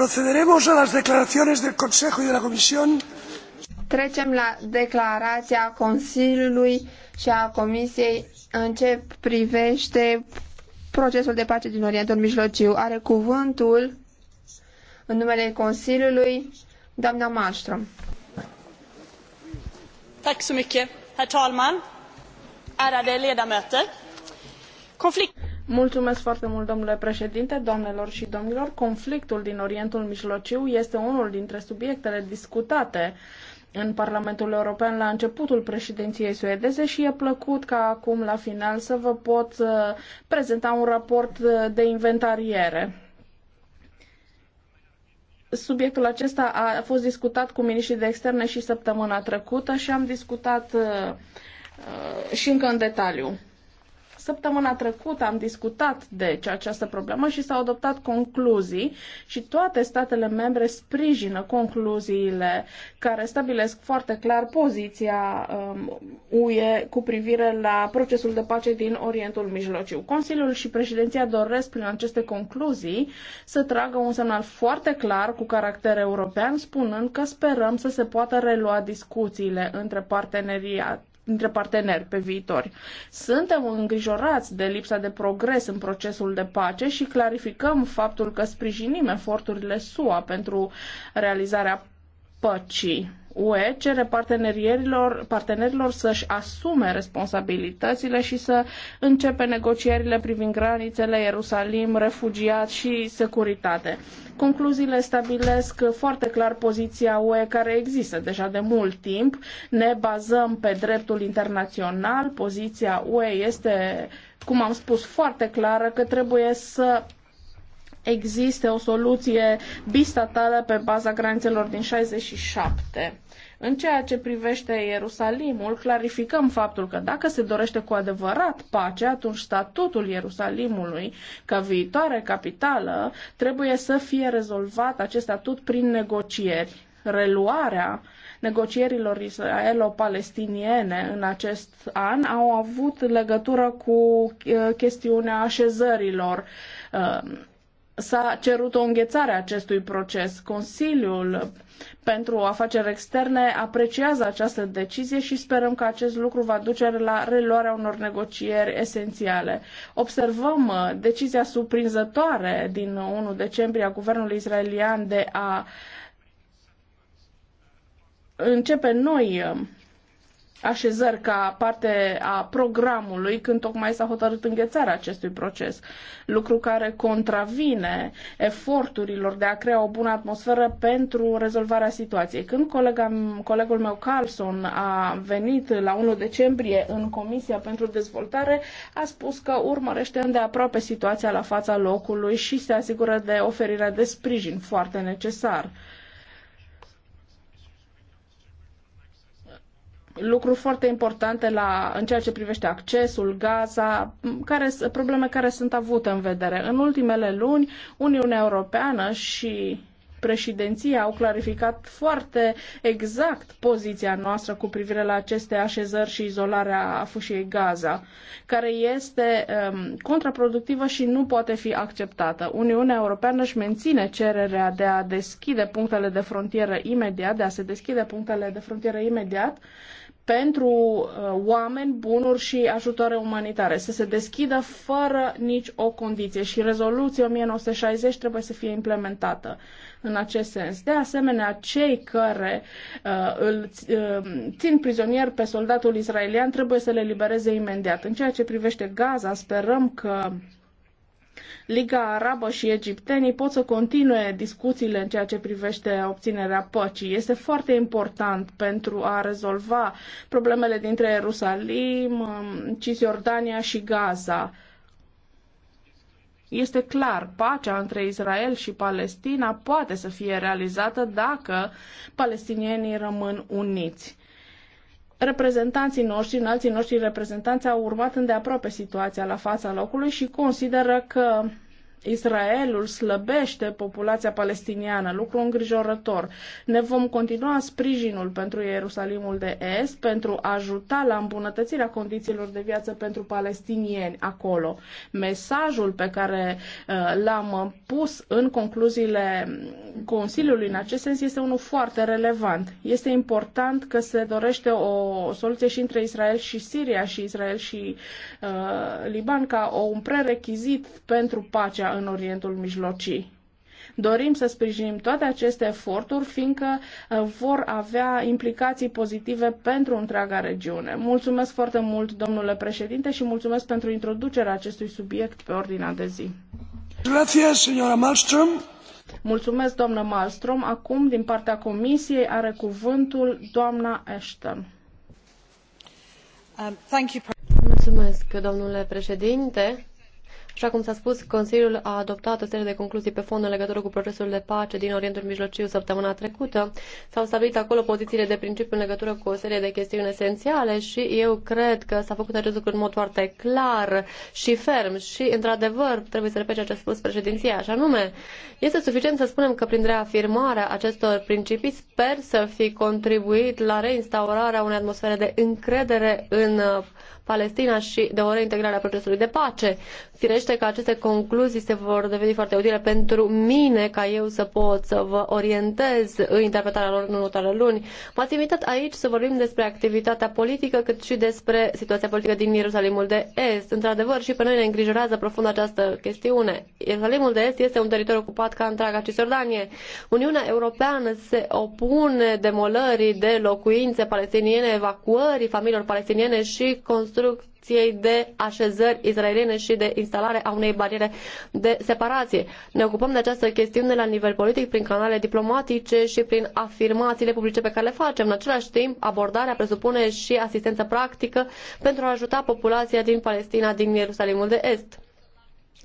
Procederemos la Comisión. Trecem la declarația Consiliului și a Comisiei în ce privește procesul de pace din Orientul Mijlociu. Are cuvântul în numele Consiliului doamna Malmström. Tack så mycket, herr talman, ärade ledamöter. Konflikt Mulțumesc foarte mult, domnule președinte, doamnelor și domnilor. Conflictul din Orientul Mijlociu este unul dintre subiectele discutate în Parlamentul European la începutul președinției suedeze și e plăcut ca acum, la final, să vă pot uh, prezenta un raport uh, de inventariere. Subiectul acesta a fost discutat cu miniștrii de externe și săptămâna trecută și am discutat uh, și încă în detaliu. Săptămâna trecută am discutat de deci această problemă și s-au adoptat concluzii și toate statele membre sprijină concluziile care stabilesc foarte clar poziția um, UE cu privire la procesul de pace din Orientul Mijlociu. Consiliul și președinția doresc prin aceste concluzii să tragă un semnal foarte clar cu caracter european, spunând că sperăm să se poată relua discuțiile între parteneriat dintre parteneri pe viitor. Suntem îngrijorați de lipsa de progres în procesul de pace și clarificăm faptul că sprijinim eforturile SUA pentru realizarea păcii. UE cere partenerilor, partenerilor să-și asume responsabilitățile și să începe negocierile privind granițele, Ierusalim, refugiați și securitate. Concluziile stabilesc foarte clar poziția UE care există deja de mult timp. Ne bazăm pe dreptul internațional. Poziția UE este, cum am spus, foarte clară că trebuie să existe o soluție bistatală pe baza granițelor din 67. În ceea ce privește Ierusalimul, clarificăm faptul că dacă se dorește cu adevărat pace, atunci statutul Ierusalimului ca viitoare capitală trebuie să fie rezolvat acest statut prin negocieri. Reluarea negocierilor israelo-palestiniene în acest an au avut legătură cu eh, chestiunea așezărilor eh, s-a cerut o înghețare a acestui proces. Consiliul pentru afaceri externe apreciază această decizie și sperăm că acest lucru va duce la reluarea unor negocieri esențiale. Observăm uh, decizia surprinzătoare din 1 decembrie a guvernului israelian de a începe noi uh, așezări ca parte a programului când tocmai s-a hotărât înghețarea acestui proces, lucru care contravine eforturilor de a crea o bună atmosferă pentru rezolvarea situației. Când colega, colegul meu Carlson a venit la 1 decembrie în Comisia pentru Dezvoltare, a spus că urmărește îndeaproape situația la fața locului și se asigură de oferirea de sprijin foarte necesar. lucruri foarte importante la, în ceea ce privește accesul, gaza, care, probleme care sunt avute în vedere. În ultimele luni, Uniunea Europeană și președinția au clarificat foarte exact poziția noastră cu privire la aceste așezări și izolarea fâșiei Gaza, care este um, contraproductivă și nu poate fi acceptată. Uniunea Europeană își menține cererea de a deschide punctele de frontieră imediat, de a se deschide punctele de frontieră imediat pentru uh, oameni, bunuri și ajutoare umanitare, să se deschidă fără nici o condiție și rezoluția 1960 trebuie să fie implementată în acest sens. De asemenea, cei care uh, îl uh, țin prizonier pe soldatul israelian trebuie să le libereze imediat. În ceea ce privește Gaza, sperăm că Liga Arabă și egiptenii pot să continue discuțiile în ceea ce privește obținerea păcii. Este foarte important pentru a rezolva problemele dintre Ierusalim, Cisjordania și Gaza. Este clar, pacea între Israel și Palestina poate să fie realizată dacă palestinienii rămân uniți reprezentanții noștri, înalții noștri reprezentanți au urmat îndeaproape situația la fața locului și consideră că Israelul slăbește populația palestiniană, lucru îngrijorător. Ne vom continua sprijinul pentru Ierusalimul de Est pentru a ajuta la îmbunătățirea condițiilor de viață pentru palestinieni acolo. Mesajul pe care uh, l-am pus în concluziile Consiliului în acest sens este unul foarte relevant. Este important că se dorește o soluție și între Israel și Siria și Israel și uh, Liban ca un prerechizit pentru pacea în Orientul Mijlociu. Dorim să sprijinim toate aceste eforturi, fiindcă uh, vor avea implicații pozitive pentru întreaga regiune. Mulțumesc foarte mult, domnule președinte, și mulțumesc pentru introducerea acestui subiect pe ordinea de zi. Gracias, señora Malmström. Mulțumesc, doamnă Malmström. Acum, din partea Comisiei, are cuvântul doamna Ashton. Um, mulțumesc, domnule președinte. Așa cum s-a spus, Consiliul a adoptat o serie de concluzii pe fond în legătură cu procesul de pace din Orientul Mijlociu săptămâna trecută. S-au stabilit acolo pozițiile de principiu în legătură cu o serie de chestiuni esențiale și eu cred că s-a făcut acest lucru în mod foarte clar și ferm și, într-adevăr, trebuie să repet ceea ce a spus președinția, așa nume. Este suficient să spunem că prin reafirmarea acestor principii sper să fi contribuit la reinstaurarea unei atmosfere de încredere în uh, Palestina și de o reintegrare a procesului de pace. Firește că aceste concluzii se vor deveni foarte utile pentru mine ca eu să pot să vă orientez în interpretarea lor în următoarele luni. M-ați invitat aici să vorbim despre activitatea politică cât și despre situația politică din Ierusalimul de Est. Într-adevăr, și pe noi ne îngrijorează profund această chestiune. Ierusalimul de Est este un teritoriu ocupat ca întreaga Cisjordanie. Uniunea Europeană se opune demolării de locuințe palestiniene, evacuării familiilor palestiniene și construcții construcției de așezări israeliene și de instalare a unei bariere de separație. Ne ocupăm de această chestiune la nivel politic prin canale diplomatice și prin afirmațiile publice pe care le facem. În același timp, abordarea presupune și asistență practică pentru a ajuta populația din Palestina, din Ierusalimul de Est.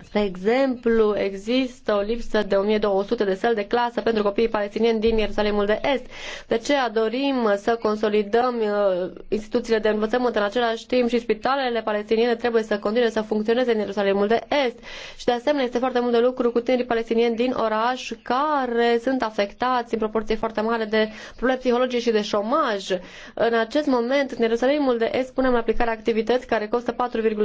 Spre exemplu, există o lipsă de 1200 de săli de clasă pentru copiii palestinieni din Ierusalimul de Est. De ce dorim să consolidăm uh, instituțiile de învățământ în același timp și spitalele palestiniene trebuie să continue să funcționeze în Ierusalimul de Est. Și de asemenea este foarte mult de lucru cu tinerii palestinieni din oraș care sunt afectați în proporție foarte mare de probleme psihologice și de șomaj. În acest moment, în Ierusalimul de Est punem în aplicare activități care costă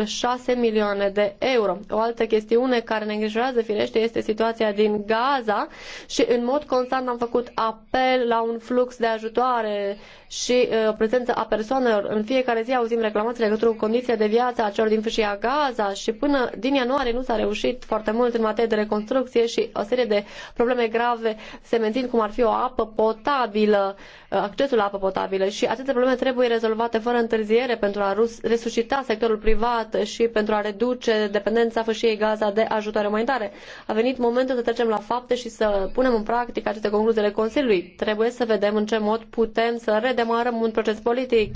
4,6 milioane de euro. O altă chestie chestiune care ne îngrijorează firește este situația din Gaza și în mod constant am făcut apel la un flux de ajutoare și uh, prezență a persoanelor. În fiecare zi auzim reclamații legătură cu condiția de viață a celor din fâșia Gaza și până din ianuarie nu s-a reușit foarte mult în materie de reconstrucție și o serie de probleme grave se mențin cum ar fi o apă potabilă, uh, accesul la apă potabilă și aceste probleme trebuie rezolvate fără întârziere pentru a resuscita sectorul privat și pentru a reduce dependența fâșiei Gaza Gaza de ajutoare umanitare. A venit momentul să trecem la fapte și să punem în practică aceste concluzii ale Consiliului. Trebuie să vedem în ce mod putem să redemarăm un proces politic.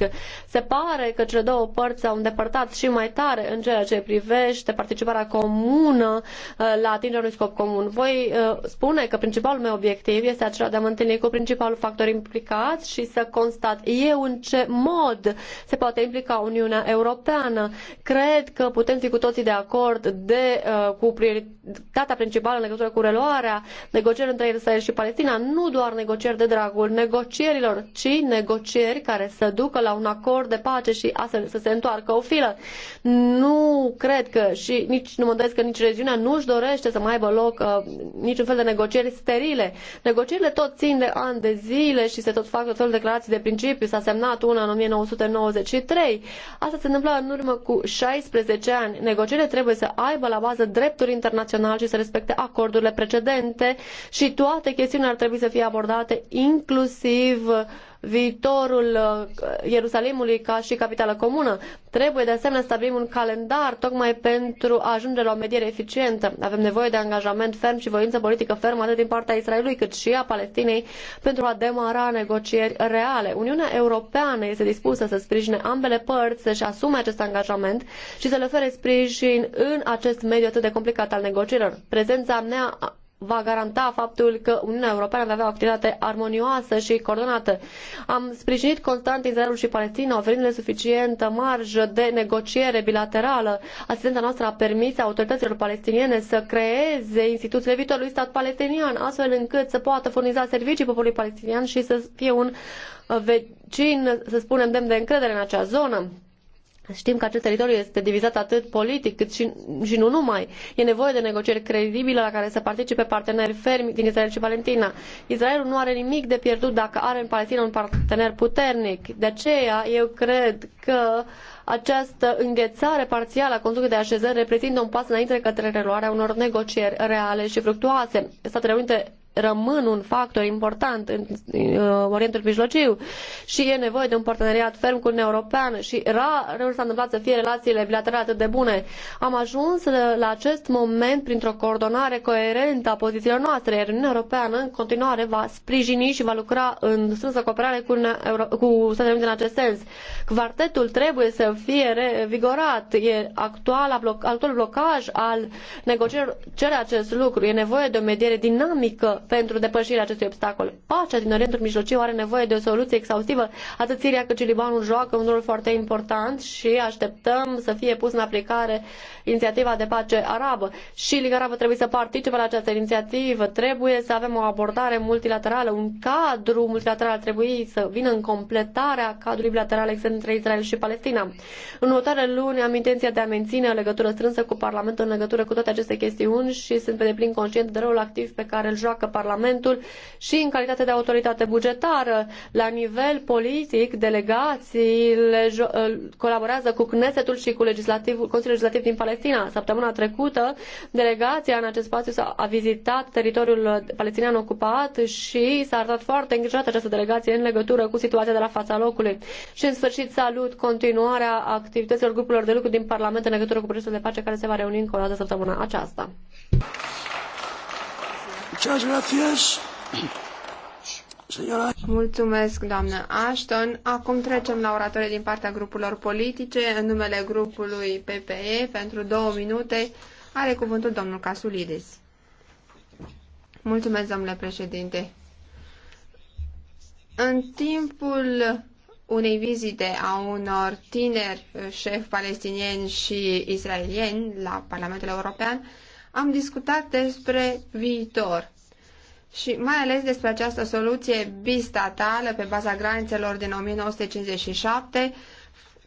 Se pare că cele două părți s-au îndepărtat și mai tare în ceea ce privește participarea comună uh, la atingerea unui scop comun. Voi uh, spune că principalul meu obiectiv este acela de a mă întâlni cu principalul factor implicat și să constat eu în ce mod se poate implica Uniunea Europeană. Cred că putem fi cu toții de acord de Uh, cu prioritatea principală în legătură cu reluarea negocierilor între Israel și Palestina, nu doar negocieri de dragul negocierilor, ci negocieri care să ducă la un acord de pace și astfel să se întoarcă o filă. Nu cred că și nici nu mă doresc că nici regiunea nu își dorește să mai aibă loc uh, niciun fel de negocieri sterile. Negocierile tot țin de ani de zile și se tot fac tot felul de declarații de principiu. S-a semnat una în 1993. Asta se întâmplă în urmă cu 16 ani. Negocierile trebuie să aibă la bază bază dreptul internațional și să respecte acordurile precedente și toate chestiunile ar trebui să fie abordate inclusiv uh, viitorul uh, Ierusalimului ca și capitală comună. Trebuie de asemenea să stabilim un calendar tocmai pentru a ajunge la o mediere eficientă. Avem nevoie de angajament ferm și voință politică fermă atât din partea Israelului cât și a Palestinei pentru a demara negocieri reale. Uniunea Europeană este dispusă să sprijine ambele părți, să-și asume acest angajament și să le ofere sprijin în acest mediu atât de complicat al negocierilor. Prezența mea va garanta faptul că Uniunea Europeană va avea o activitate armonioasă și coordonată. Am sprijinit constant Israelul și Palestina, oferindu-le suficientă marjă de negociere bilaterală. Asistența noastră a permis autorităților palestiniene să creeze instituțiile viitorului stat palestinian, astfel încât să poată furniza servicii poporului palestinian și să fie un vecin, să spunem, demn de încredere în acea zonă. Știm că acest teritoriu este divizat atât politic cât și, și nu numai. E nevoie de negocieri credibile la care să participe parteneri fermi din Israel și Palestina. Israelul nu are nimic de pierdut dacă are în Palestina un partener puternic. De aceea eu cred că această înghețare parțială a consumului de așezări reprezintă un pas înainte către reluarea unor negocieri reale și fructuoase. Statele Unite rămân un factor important în uh, Orientul Mijlociu și e nevoie de un parteneriat ferm cu Uniunea Europeană și rar s-a întâmplat să fie relațiile bilaterale atât de bune. Am ajuns la acest moment printr-o coordonare coerentă a pozițiilor noastre, iar Uniunea Europeană în continuare va sprijini și va lucra în strânsă cooperare cu, Euro- cu Statele Unite în acest sens. Quartetul trebuie să fie revigorat. E actual, actual blocaj al negocierilor cere acest lucru. E nevoie de o mediere dinamică pentru depășirea acestui obstacol. Pacea din Orientul Mijlociu are nevoie de o soluție exhaustivă. Atât Siria cât și Libanul joacă un rol foarte important și așteptăm să fie pus în aplicare inițiativa de pace arabă. Și Liga Arabă trebuie să participe la această inițiativă. Trebuie să avem o abordare multilaterală, un cadru multilateral trebuie să vină în completarea cadrului bilateral existent între Israel și Palestina. În următoarele luni am intenția de a menține o legătură strânsă cu Parlamentul în legătură cu toate aceste chestiuni și sunt pe deplin conștient de rolul activ pe care îl joacă Parlamentul și în calitate de autoritate bugetară. La nivel politic, delegațiile colaborează cu Knesetul și cu legislativul, Consiliul Legislativ din Palestina. Săptămâna trecută, delegația în acest spațiu a vizitat teritoriul palestinian ocupat și s-a arătat foarte îngrijorată această delegație în legătură cu situația de la fața locului. Și în sfârșit salut continuarea activităților grupurilor de lucru din Parlament în legătură cu procesul de pace care se va reuni încă o dată săptămâna aceasta. Mulțumesc, doamnă Ashton. Acum trecem la oratorii din partea grupurilor politice. În numele grupului PPE, pentru două minute, are cuvântul domnul Casulidis. Mulțumesc, domnule președinte. În timpul unei vizite a unor tineri șefi palestinieni și israelieni la Parlamentul European, am discutat despre viitor și mai ales despre această soluție bistatală pe baza granițelor din 1957,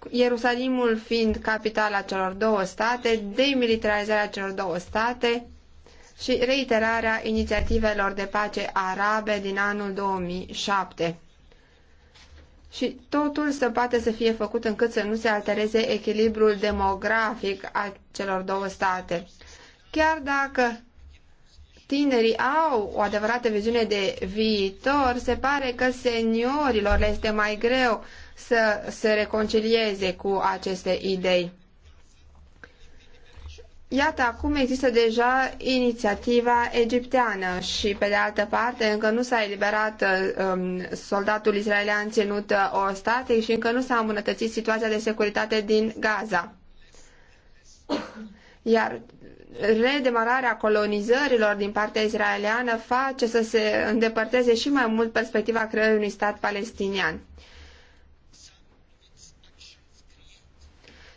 Ierusalimul fiind capitala celor două state, demilitarizarea celor două state și reiterarea inițiativelor de pace arabe din anul 2007. Și totul să poate să fie făcut încât să nu se altereze echilibrul demografic al celor două state. Chiar dacă tinerii au o adevărată viziune de viitor, se pare că seniorilor le este mai greu să se reconcilieze cu aceste idei. Iată, acum există deja inițiativa egipteană și, pe de altă parte, încă nu s-a eliberat um, soldatul israelian ținut uh, o state și încă nu s-a îmbunătățit situația de securitate din Gaza. Iar redemararea colonizărilor din partea israeliană face să se îndepărteze și mai mult perspectiva creării unui stat palestinian.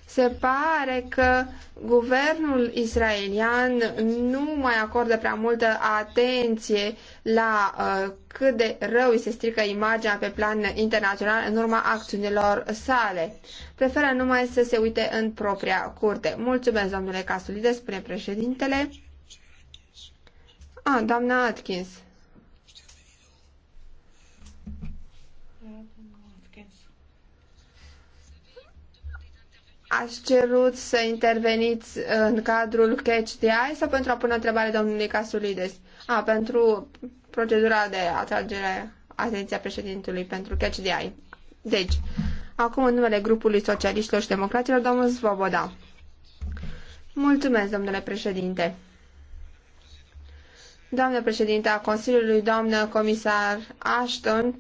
Se pare că guvernul israelian nu mai acordă prea multă atenție la uh, cât de rău îi se strică imaginea pe plan internațional în urma acțiunilor sale. Preferă numai să se uite în propria curte. Mulțumesc, domnule Casulide, spune președintele. ah, doamna Atkins. Ați cerut să interveniți în cadrul Catch the Eye sau pentru a pune o întrebare domnului Casulides? A, pentru procedura de atragere atenția președintului pentru Catch the Eye. Deci, acum în numele grupului socialiștilor și democraților, domnul Svoboda. Mulțumesc, domnule președinte. Doamnă președinte a Consiliului, doamnă comisar Ashton,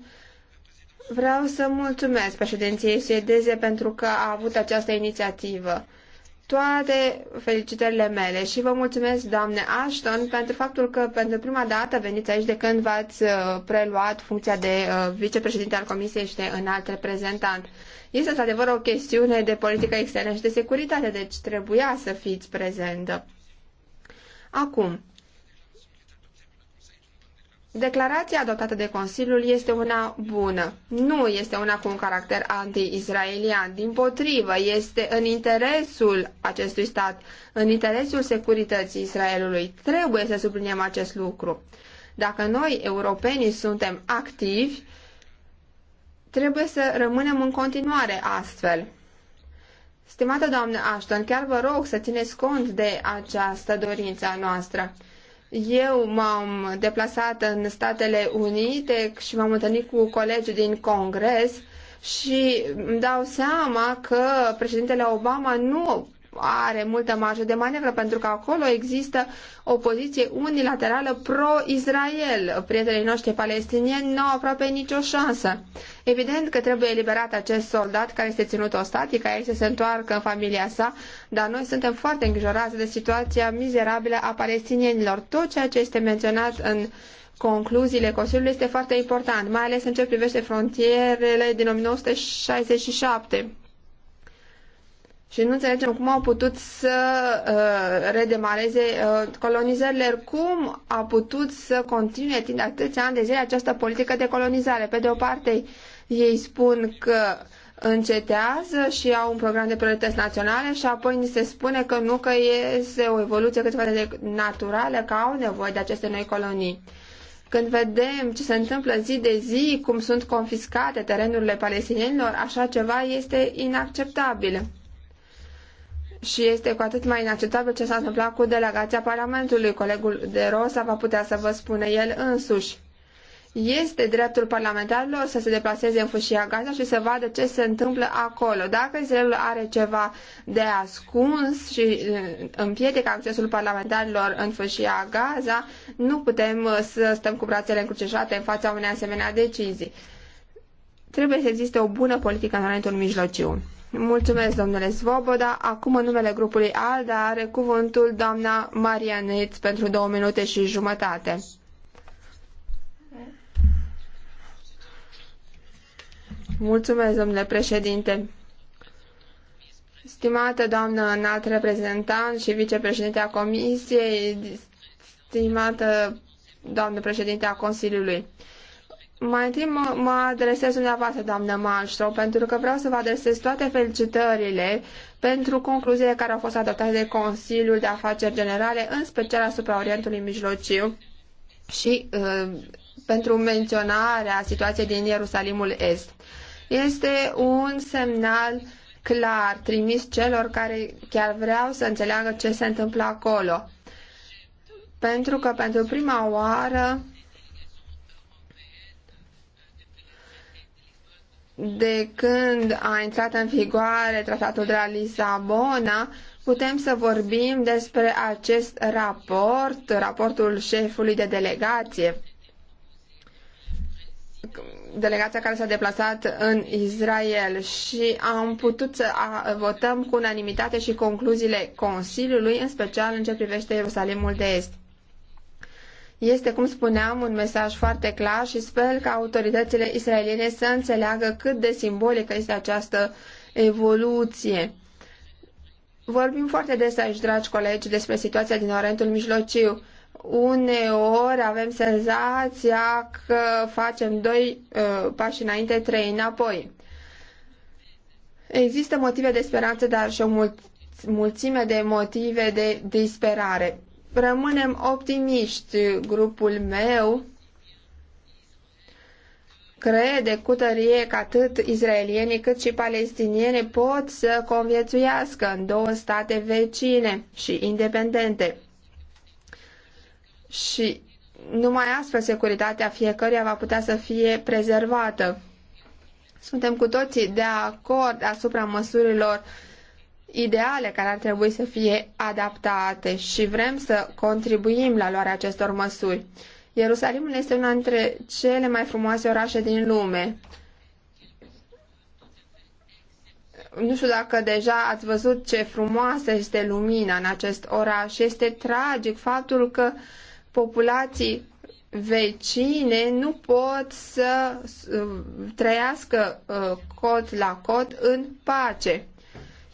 Vreau să mulțumesc președinției suedeze pentru că a avut această inițiativă. Toate felicitările mele și vă mulțumesc, doamne Ashton, pentru faptul că pentru prima dată veniți aici de când v-ați uh, preluat funcția de uh, vicepreședinte al Comisiei și de înalt reprezentant. Este într-adevăr o chestiune de politică externă și de securitate, deci trebuia să fiți prezentă. Acum, Declarația adoptată de Consiliul este una bună. Nu este una cu un caracter anti-israelian. Din potrivă, este în interesul acestui stat, în interesul securității Israelului. Trebuie să subliniem acest lucru. Dacă noi, europenii, suntem activi, trebuie să rămânem în continuare astfel. Stimată doamnă Ashton, chiar vă rog să țineți cont de această dorință a noastră. Eu m-am deplasat în Statele Unite și m-am întâlnit cu colegi din Congres și îmi dau seama că președintele Obama nu are multă marjă de manevră, pentru că acolo există o poziție unilaterală pro-Israel. Prietenii noștri palestinieni nu au aproape nicio șansă. Evident că trebuie eliberat acest soldat care este ținut ostatic, aici să se întoarcă în familia sa, dar noi suntem foarte îngrijorați de situația mizerabilă a palestinienilor. Tot ceea ce este menționat în concluziile Consiliului este foarte important, mai ales în ce privește frontierele din 1967. Și nu înțelegem cum au putut să uh, redemareze uh, colonizările, cum a putut să continue timp de atâția ani de zile această politică de colonizare. Pe de o parte, ei spun că încetează și au un program de priorități naționale și apoi ni se spune că nu, că este o evoluție cât de naturală, că au nevoie de aceste noi colonii. Când vedem ce se întâmplă zi de zi, cum sunt confiscate terenurile palestinienilor, așa ceva este inacceptabil și este cu atât mai inacceptabil ce s-a întâmplat cu delegația Parlamentului. Colegul de Rosa va putea să vă spune el însuși. Este dreptul parlamentarilor să se deplaseze în fâșia Gaza și să vadă ce se întâmplă acolo. Dacă Israelul are ceva de ascuns și eh, împiedică accesul parlamentarilor în fâșia Gaza, nu putem eh, să stăm cu brațele încrucișate în fața unei asemenea decizii. Trebuie să existe o bună politică în Orientul Mijlociu. Mulțumesc, domnule Svoboda. Acum, în numele grupului ALDE, are cuvântul doamna Marianeț pentru două minute și jumătate. Mulțumesc, domnule președinte. Stimată doamnă înalt reprezentant și vicepreședinte a Comisiei, stimată doamnă președinte a Consiliului, mai întâi mă, mă adresez dumneavoastră, doamnă Malmström, pentru că vreau să vă adresez toate felicitările pentru concluziile care au fost adoptate de Consiliul de Afaceri Generale, în special asupra Orientului Mijlociu și uh, pentru menționarea situației din Ierusalimul Est. Este un semnal clar trimis celor care chiar vreau să înțeleagă ce se întâmplă acolo. Pentru că pentru prima oară de când a intrat în vigoare tratatul de la Lisabona, putem să vorbim despre acest raport, raportul șefului de delegație. Delegația care s-a deplasat în Israel și am putut să votăm cu unanimitate și concluziile Consiliului, în special în ce privește Ierusalimul de Est. Este, cum spuneam, un mesaj foarte clar și sper că autoritățile israeliene să înțeleagă cât de simbolică este această evoluție. Vorbim foarte des aici, dragi colegi, despre situația din Orientul Mijlociu. Uneori avem senzația că facem doi uh, pași înainte, trei înapoi. Există motive de speranță, dar și o mulțime de motive de disperare rămânem optimiști. Grupul meu crede cu tărie că atât izraelienii cât și palestinienii pot să conviețuiască în două state vecine și independente. Și numai astfel securitatea fiecăruia va putea să fie prezervată. Suntem cu toții de acord asupra măsurilor ideale care ar trebui să fie adaptate și vrem să contribuim la luarea acestor măsuri. Ierusalimul este una dintre cele mai frumoase orașe din lume. Nu știu dacă deja ați văzut ce frumoasă este lumina în acest oraș. Este tragic faptul că populații vecine nu pot să trăiască uh, cot la cot în pace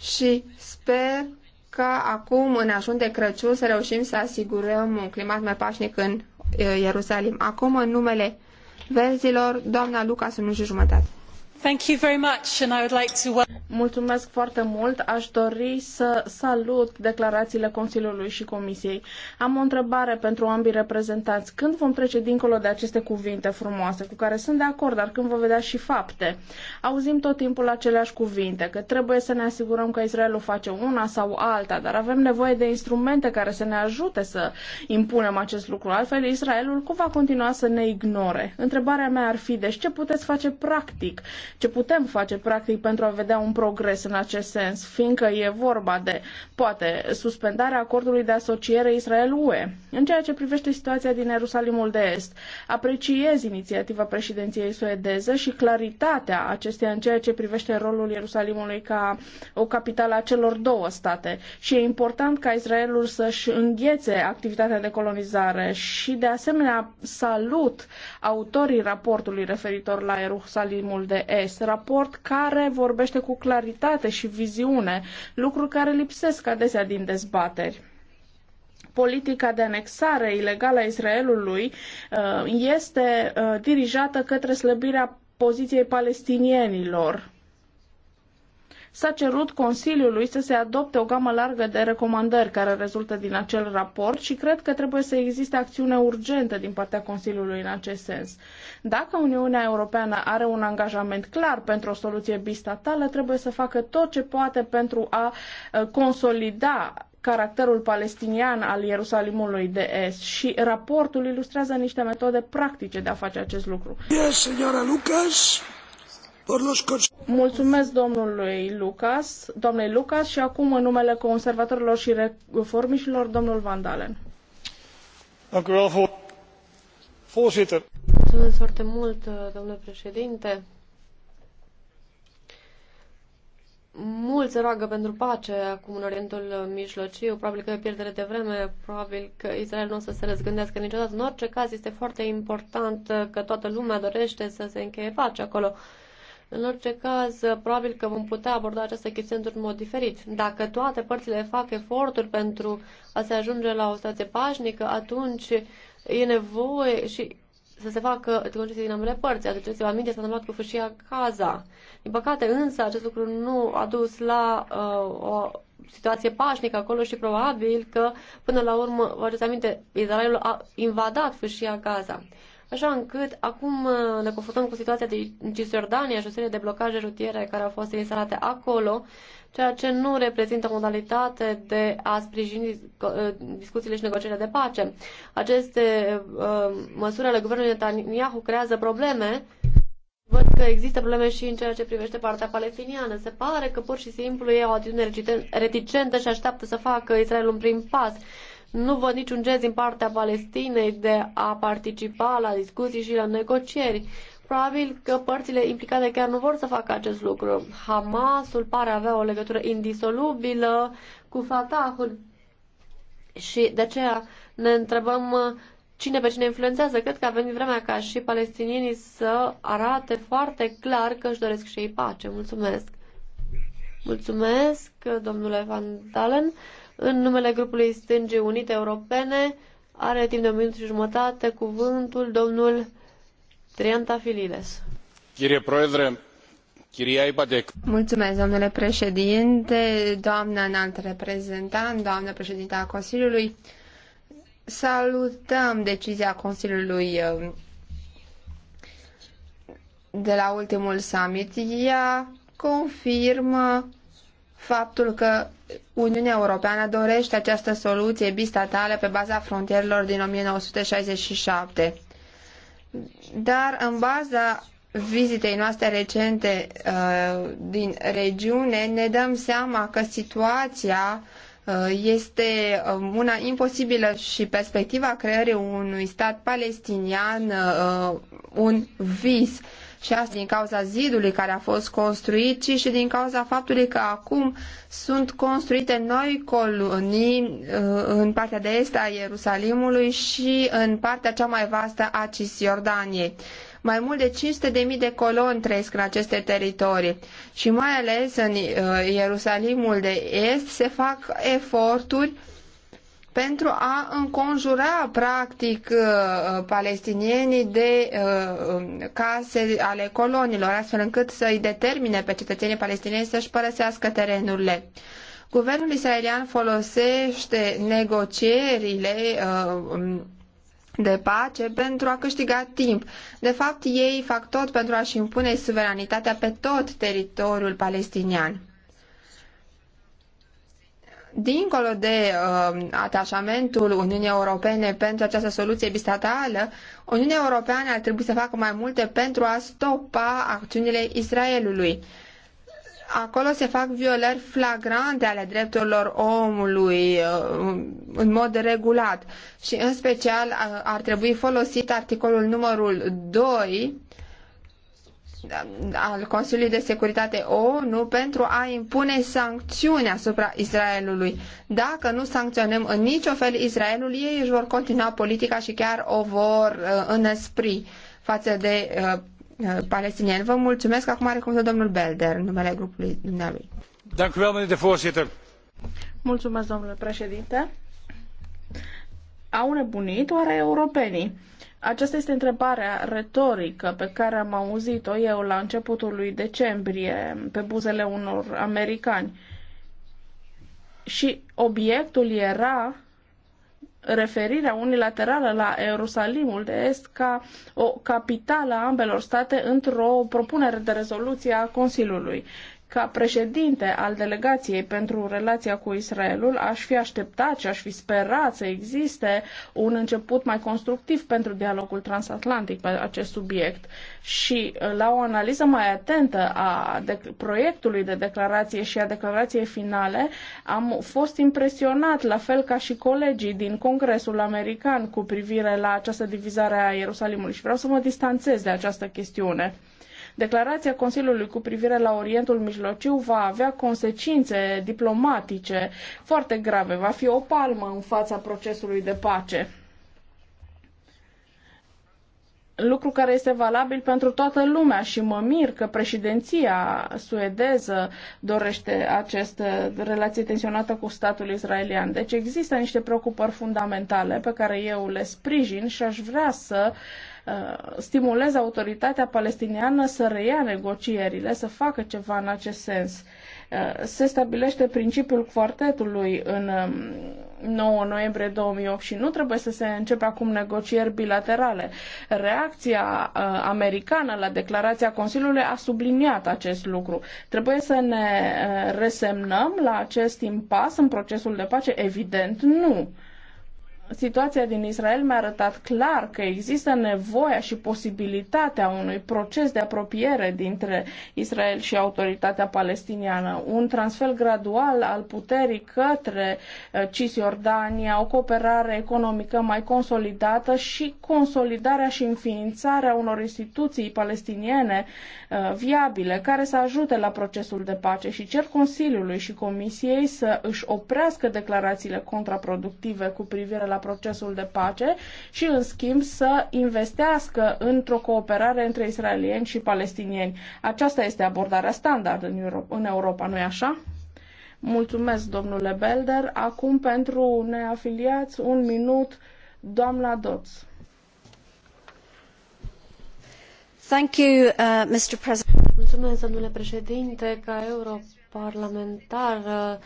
și sper că acum, în ajun de Crăciun, să reușim să asigurăm un climat mai pașnic în Ierusalim. Acum, în numele verzilor, doamna Lucas, nu și jumătate. Mulțumesc foarte mult. Aș dori să salut declarațiile Consiliului și Comisiei. Am o întrebare pentru ambii reprezentanți. Când vom trece dincolo de aceste cuvinte frumoase, cu care sunt de acord, dar când vom vedea și fapte? Auzim tot timpul aceleași cuvinte, că trebuie să ne asigurăm că Israelul face una sau alta, dar avem nevoie de instrumente care să ne ajute să impunem acest lucru. Altfel, Israelul cum va continua să ne ignore? Întrebarea mea ar fi, deci ce puteți face practic? ce putem face practic pentru a vedea un progres în acest sens, fiindcă e vorba de, poate, suspendarea acordului de asociere Israel-UE. În ceea ce privește situația din Ierusalimul de Est, apreciez inițiativa președinției suedeze și claritatea acesteia în ceea ce privește rolul Ierusalimului ca o capitală a celor două state. Și e important ca Israelul să-și înghețe activitatea de colonizare și, de asemenea, salut autorii raportului referitor la Ierusalimul de Est Moraes, raport care vorbește cu claritate și viziune, lucruri care lipsesc adesea din dezbateri politica de anexare ilegală a Israelului uh, este uh, dirijată către slăbirea poziției palestinienilor s-a cerut Consiliului să se adopte o gamă largă de recomandări care rezultă din acel raport și cred că trebuie să existe acțiune urgentă din partea Consiliului în acest sens. Dacă Uniunea Europeană are un angajament clar pentru o soluție bistatală, trebuie să facă tot ce poate pentru a uh, consolida caracterul palestinian al Ierusalimului de Est și raportul ilustrează niște metode practice de a face acest lucru. Yes, Mulțumesc domnului Lucas, doamnei Lucas și acum în numele conservatorilor și reformișilor domnul Van Dalen. Mulțumesc foarte mult, domnule președinte. Mulți se roagă pentru pace acum în Orientul Mijlociu, probabil că e pierdere de vreme, probabil că Israel nu o să se răzgândească niciodată. În orice caz, este foarte important că toată lumea dorește să se încheie pace acolo. În orice caz, probabil că vom putea aborda această chestiune într-un mod diferit. Dacă toate părțile fac eforturi pentru a se ajunge la o stație pașnică, atunci e nevoie și să se facă concesii din ambele părți. Aduceți-vă aminte, s-a întâmplat cu fâșia Caza. Din păcate, însă, acest lucru nu a dus la uh, o situație pașnică acolo și probabil că, până la urmă, vă aduceți aminte, Israelul a invadat fâșia Gaza așa încât acum uh, ne confruntăm cu situația din Cisjordania și o serie de blocaje rutiere care au fost instalate acolo, ceea ce nu reprezintă modalitate de a sprijini uh, discuțiile și negocierile de pace. Aceste uh, măsuri ale guvernului Netanyahu creează probleme Văd că există probleme și în ceea ce privește partea palestiniană. Se pare că pur și simplu ei au o atitudine reticentă și așteaptă să facă Israelul un prim pas. Nu văd niciun gest din partea Palestinei de a participa la discuții și la negocieri. Probabil că părțile implicate chiar nu vor să facă acest lucru. Hamasul pare avea o legătură indisolubilă cu Fatahul și de aceea ne întrebăm uh, cine pe cine influențează. Cred că a venit vremea ca și palestinienii să arate foarte clar că își doresc și ei pace. Mulțumesc! Mulțumesc, domnule Van Dalen. În numele grupului Stânge Unite Europene are timp de un minut și jumătate cuvântul domnul Triantafilides. Chirie Proedre, Mulțumesc, domnule președinte, doamna înalt reprezentant, doamnă președinte a Consiliului. Salutăm decizia Consiliului um, de la ultimul summit. Ea confirmă faptul că Uniunea Europeană dorește această soluție bistatală pe baza frontierelor din 1967. Dar în baza vizitei noastre recente uh, din regiune ne dăm seama că situația uh, este uh, una imposibilă și perspectiva creării unui stat palestinian uh, un vis și asta din cauza zidului care a fost construit, ci și din cauza faptului că acum sunt construite noi colonii uh, în partea de est a Ierusalimului și în partea cea mai vastă a Cisjordaniei. Mai mult de 500.000 de coloni trăiesc în aceste teritorii și mai ales în uh, Ierusalimul de Est se fac eforturi uh, pentru a înconjura practic uh, palestinienii de uh, case ale colonilor, astfel încât să îi determine pe cetățenii palestinieni să-și părăsească terenurile. Guvernul israelian folosește negocierile uh, de pace pentru a câștiga timp. De fapt, ei fac tot pentru a-și impune suveranitatea pe tot teritoriul palestinian dincolo de uh, atașamentul Uniunii Europene pentru această soluție bistatală, Uniunea Europeană ar trebui să facă mai multe pentru a stopa acțiunile Israelului. Acolo se fac violări flagrante ale drepturilor omului uh, în mod regulat și în special uh, ar trebui folosit articolul numărul 2 al Consiliului de Securitate ONU pentru a impune sancțiuni asupra Israelului. Dacă nu sancționăm în nicio fel Israelul, ei își vor continua politica și chiar o vor uh, înăspri față de uh, uh, palestinieni. Vă mulțumesc. Acum are cuvântul domnul Belder, numele grupului dumnealui. Mulțumesc, domnule președinte. Au nebunit oare europenii? Aceasta este întrebarea retorică pe care am auzit-o eu la începutul lui decembrie pe buzele unor americani. Și obiectul era referirea unilaterală la Ierusalimul de Est ca o capitală a ambelor state într-o propunere de rezoluție a Consiliului. Ca președinte al delegației pentru relația cu Israelul, aș fi așteptat și aș fi sperat să existe un început mai constructiv pentru dialogul transatlantic pe acest subiect. Și uh, la o analiză mai atentă a proiectului de declarație și a declarației finale, am fost impresionat, la fel ca și colegii din Congresul American, cu privire la această divizare a Ierusalimului. Și vreau să mă distanțez de această chestiune. Declarația Consiliului cu privire la Orientul Mijlociu va avea consecințe diplomatice foarte grave. Va fi o palmă în fața procesului de pace lucru care este valabil pentru toată lumea și mă mir că președinția suedeză dorește această relație tensionată cu statul israelian. Deci există niște preocupări fundamentale pe care eu le sprijin și aș vrea să uh, Uh, stimuleze autoritatea palestiniană să reia negocierile, să facă ceva în acest sens. Uh, se stabilește principiul quartetului în 9 um, noiembrie 2008 și nu trebuie să se începe acum negocieri bilaterale. Reacția uh, americană la declarația Consiliului a subliniat acest lucru. Trebuie să ne resemnăm la acest impas în procesul de pace? Evident nu situația din Israel mi-a arătat clar că există nevoia și posibilitatea unui proces de apropiere dintre Israel și autoritatea palestiniană, un transfer gradual al puterii către eh, Cisjordania, o cooperare economică mai consolidată și consolidarea și înființarea unor instituții palestiniene eh, viabile care să ajute la procesul de pace și cer Consiliului și Comisiei să își oprească declarațiile contraproductive cu privire la procesul de pace și, în schimb, să investească într-o cooperare între israelieni și palestinieni. Aceasta este abordarea standard în Europa, în Europa nu-i așa? Mulțumesc, domnule Belder. Acum, pentru neafiliați, un minut, doamna Doț. Thank you, uh, Mr. President. Mulțumesc, domnule președinte, ca europarlamentar. Uh,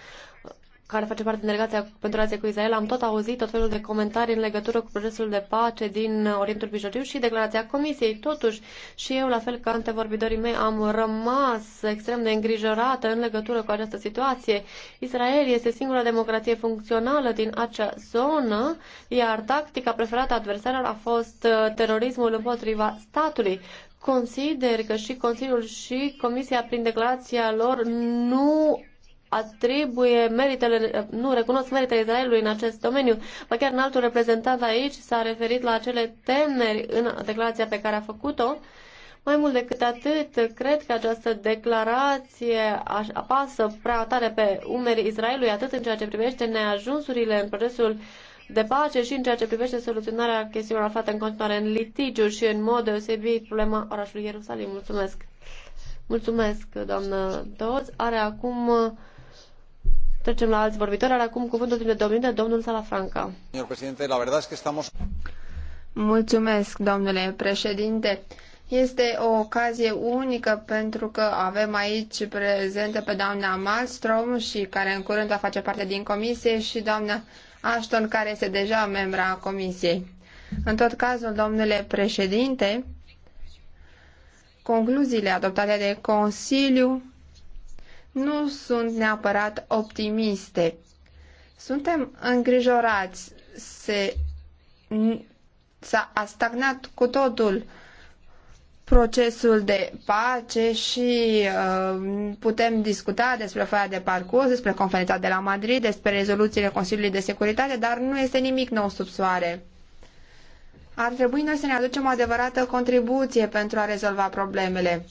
care face parte din delegația pentru relație cu Israel, am tot auzit tot felul de comentarii în legătură cu procesul de pace din Orientul Mijlociu și declarația Comisiei. Totuși, și eu, la fel ca antevorbitorii mei, am rămas extrem de îngrijorată în legătură cu această situație. Israel este singura democrație funcțională din acea zonă, iar tactica preferată a adversarilor a fost uh, terorismul împotriva statului. Consider că și Consiliul și Comisia, prin declarația lor, nu atribuie meritele, nu recunosc meritele Israelului în acest domeniu. Ba chiar în altul reprezentant aici s-a referit la acele temeri în declarația pe care a făcut-o. Mai mult decât atât, cred că această declarație apasă prea tare pe umerii Israelului, atât în ceea ce privește neajunsurile în procesul de pace și în ceea ce privește soluționarea chestiunilor aflate în continuare în litigiu și în mod deosebit problema orașului Ierusalim. Mulțumesc! Mulțumesc, doamnă Toți. Are acum Trecem la alți vorbitori. Are acum cuvântul domnul Salafranca. Mulțumesc, domnule președinte. Este o ocazie unică pentru că avem aici prezentă pe doamna Malmström și care în curând va face parte din comisie și doamna Ashton care este deja membra a comisiei. În tot cazul, domnule președinte, concluziile adoptate de Consiliu nu sunt neapărat optimiste. Suntem îngrijorați. Se, s-a stagnat cu totul procesul de pace și uh, putem discuta despre foaia de parcurs, despre conferința de la Madrid, despre rezoluțiile Consiliului de Securitate, dar nu este nimic nou sub soare. Ar trebui noi să ne aducem o adevărată contribuție pentru a rezolva problemele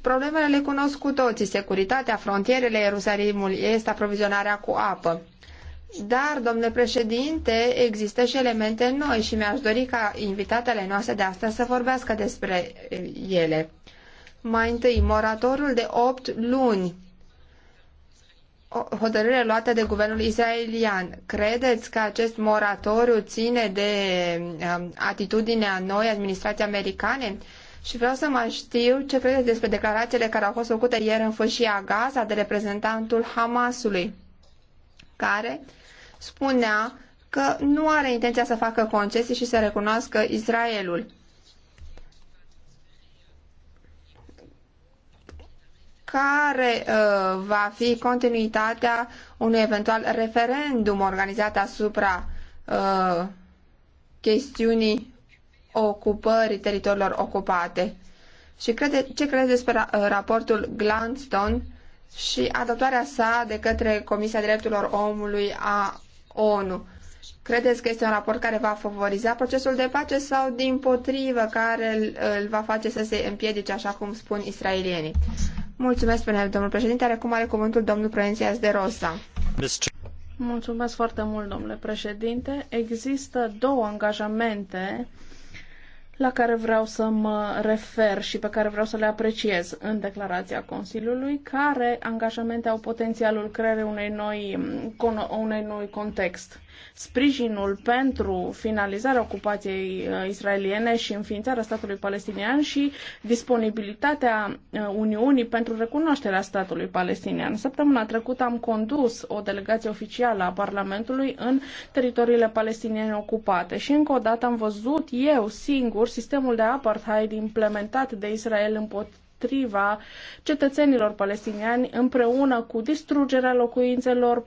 problemele le cunosc cu toții, securitatea, frontierele, Ierusalimul este aprovizionarea cu apă. Dar, domnule președinte, există și elemente noi și mi-aș dori ca invitatele noastre de astăzi să vorbească despre ele. Mai întâi, moratorul de 8 luni. hotărâre luată de guvernul israelian. Credeți că acest moratoriu ține de um, atitudinea noi, administrației americane? Și vreau să mai știu ce credeți despre declarațiile care au fost făcute ieri în fâșia Gaza de reprezentantul Hamasului, care spunea că nu are intenția să facă concesii și să recunoască Israelul. care uh, va fi continuitatea unui eventual referendum organizat asupra uh, chestiunii ocupării teritoriilor ocupate. Și crede, ce credeți despre uh, raportul Glanstone și adoptarea sa de către Comisia Drepturilor Omului a ONU? Credeți că este un raport care va favoriza procesul de pace sau, din potrivă, care îl, îl va face să se împiedice, așa cum spun israelienii? Mulțumesc, până, domnul președinte. Are cum are cuvântul domnul Proențias de Rosa. Mulțumesc foarte mult, domnule președinte. Există două angajamente la care vreau să mă refer și pe care vreau să le apreciez în declarația Consiliului, care angajamente au potențialul creării unei noi, um, unei noi context sprijinul pentru finalizarea ocupației uh, israeliene și înființarea statului palestinian și disponibilitatea uh, Uniunii pentru recunoașterea statului palestinian. Săptămâna trecută am condus o delegație oficială a Parlamentului în teritoriile palestiniene ocupate și încă o dată am văzut eu singur sistemul de apartheid implementat de Israel împotriva împotriva cetățenilor palestiniani împreună cu distrugerea locuințelor,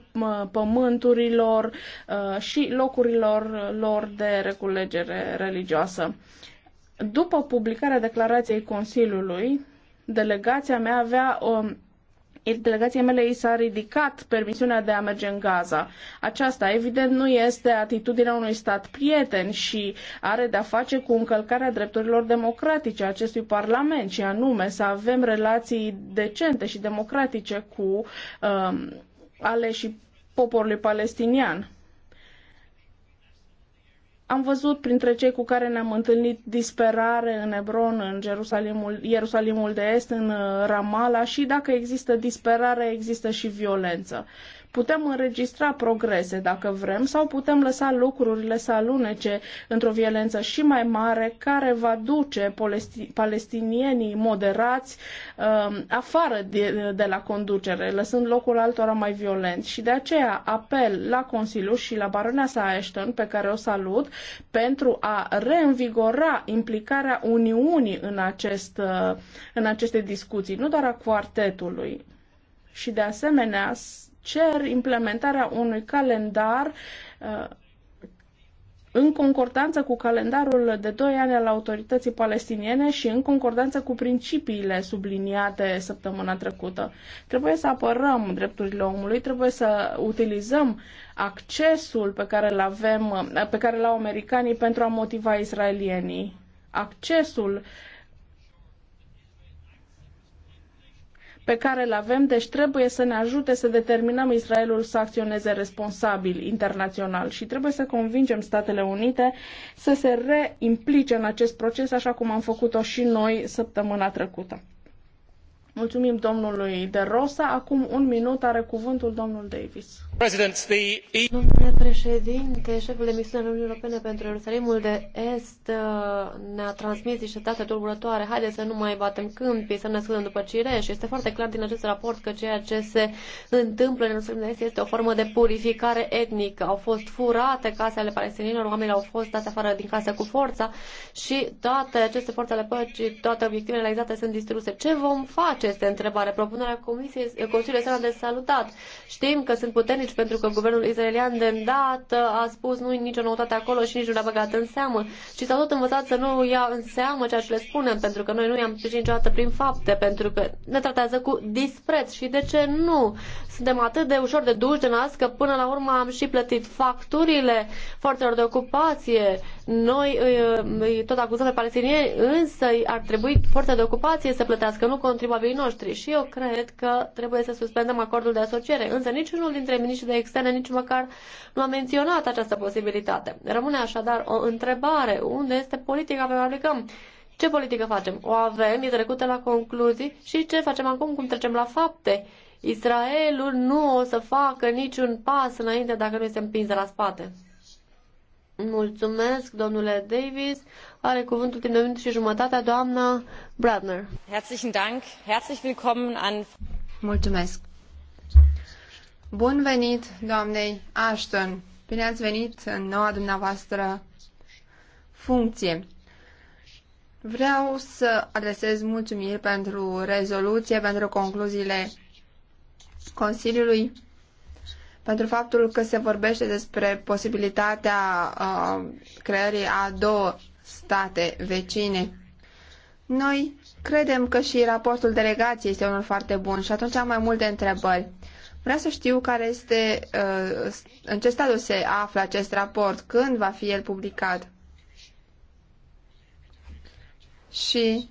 pământurilor uh, și locurilor lor de reculegere religioasă. După publicarea declarației Consiliului, delegația mea avea o um, delegației mele i s-a ridicat permisiunea de a merge în Gaza. Aceasta, evident, nu este atitudinea unui stat prieten și are de-a face cu încălcarea drepturilor democratice a acestui Parlament, și anume să avem relații decente și democratice cu um, aleșii poporului palestinian. Am văzut printre cei cu care ne-am întâlnit disperare în Ebron, în Jerusalimul, Ierusalimul de Est, în uh, Ramala și dacă există disperare, există și violență. Putem înregistra progrese dacă vrem sau putem lăsa lucrurile să alunece într-o violență și mai mare care va duce palestinienii moderați uh, afară de, de la conducere, lăsând locul altora mai violenți. Și de aceea apel la Consiliu și la baronesa Ashton, pe care o salut, pentru a reînvigora implicarea Uniunii în, acest, uh, în aceste discuții, nu doar a quartetului. Și de asemenea cer implementarea unui calendar uh, în concordanță cu calendarul de 2 ani al autorității palestiniene și în concordanță cu principiile subliniate săptămâna trecută. Trebuie să apărăm drepturile omului, trebuie să utilizăm accesul pe care îl avem, pe care l-au americanii pentru a motiva israelienii. Accesul uh, pe care îl avem, deci trebuie să ne ajute să determinăm Israelul să acționeze responsabil internațional și trebuie să convingem Statele Unite să se reimplice în acest proces, așa cum am făcut-o și noi săptămâna trecută. Mulțumim domnului De Rosa. Acum un minut are cuvântul domnul Davis. Domnule președinte, șeful de misiune al Uniunii Europene pentru Ierusalimul de Est uh, ne-a transmis niște date tulburătoare. Haideți să nu mai batem câmpii, să ne ascundem după cireș. Este foarte clar din acest raport că ceea ce se întâmplă în ierusalimul de Est este o formă de purificare etnică. Au fost furate case ale palestinienilor, oamenii au fost dați afară din casă cu forța și toate aceste forțe ale păcii, toate obiectivele realizate sunt distruse. Ce vom face? Este întrebarea. Propunerea Comisiei, Consiliului este de salutat. Știm că sunt puternici aici, pentru că guvernul izraelian de îndată a spus nu-i nicio noutate acolo și nici nu l-a băgat în seamă. Și s-a tot învățat să nu ia în seamă ceea ce le spunem, pentru că noi nu i-am sprijinit niciodată prin fapte, pentru că ne tratează cu dispreț. Și de ce nu? Suntem atât de ușor de duși de nas că până la urmă am și plătit facturile forțelor de ocupație. Noi îi, tot acuzăm pe palestinieni, însă ar trebui forța de ocupație să plătească, nu contribuabilii noștri. Și eu cred că trebuie să suspendăm acordul de asociere. Însă niciunul dintre nici de Externe nici măcar nu a menționat această posibilitate. Rămâne așadar o întrebare. Unde este politica pe care o aplicăm? Ce politică facem? O avem, e trecută la concluzii și ce facem acum? Cum trecem la fapte? Israelul nu o să facă niciun pas înainte dacă nu este împins de la spate. Mulțumesc, domnule Davis. Are cuvântul timp de minut și jumătate doamna Bradner. Herzlichen Dank, herzlich willkommen an... Mulțumesc. Bun venit, doamnei Ashton! Bine ați venit în noua dumneavoastră funcție. Vreau să adresez mulțumiri pentru rezoluție, pentru concluziile Consiliului, pentru faptul că se vorbește despre posibilitatea uh, creării a două state vecine. Noi credem că și raportul delegației este unul foarte bun și atunci am mai multe întrebări. Vreau să știu care este, uh, în ce stadiu se află acest raport, când va fi el publicat și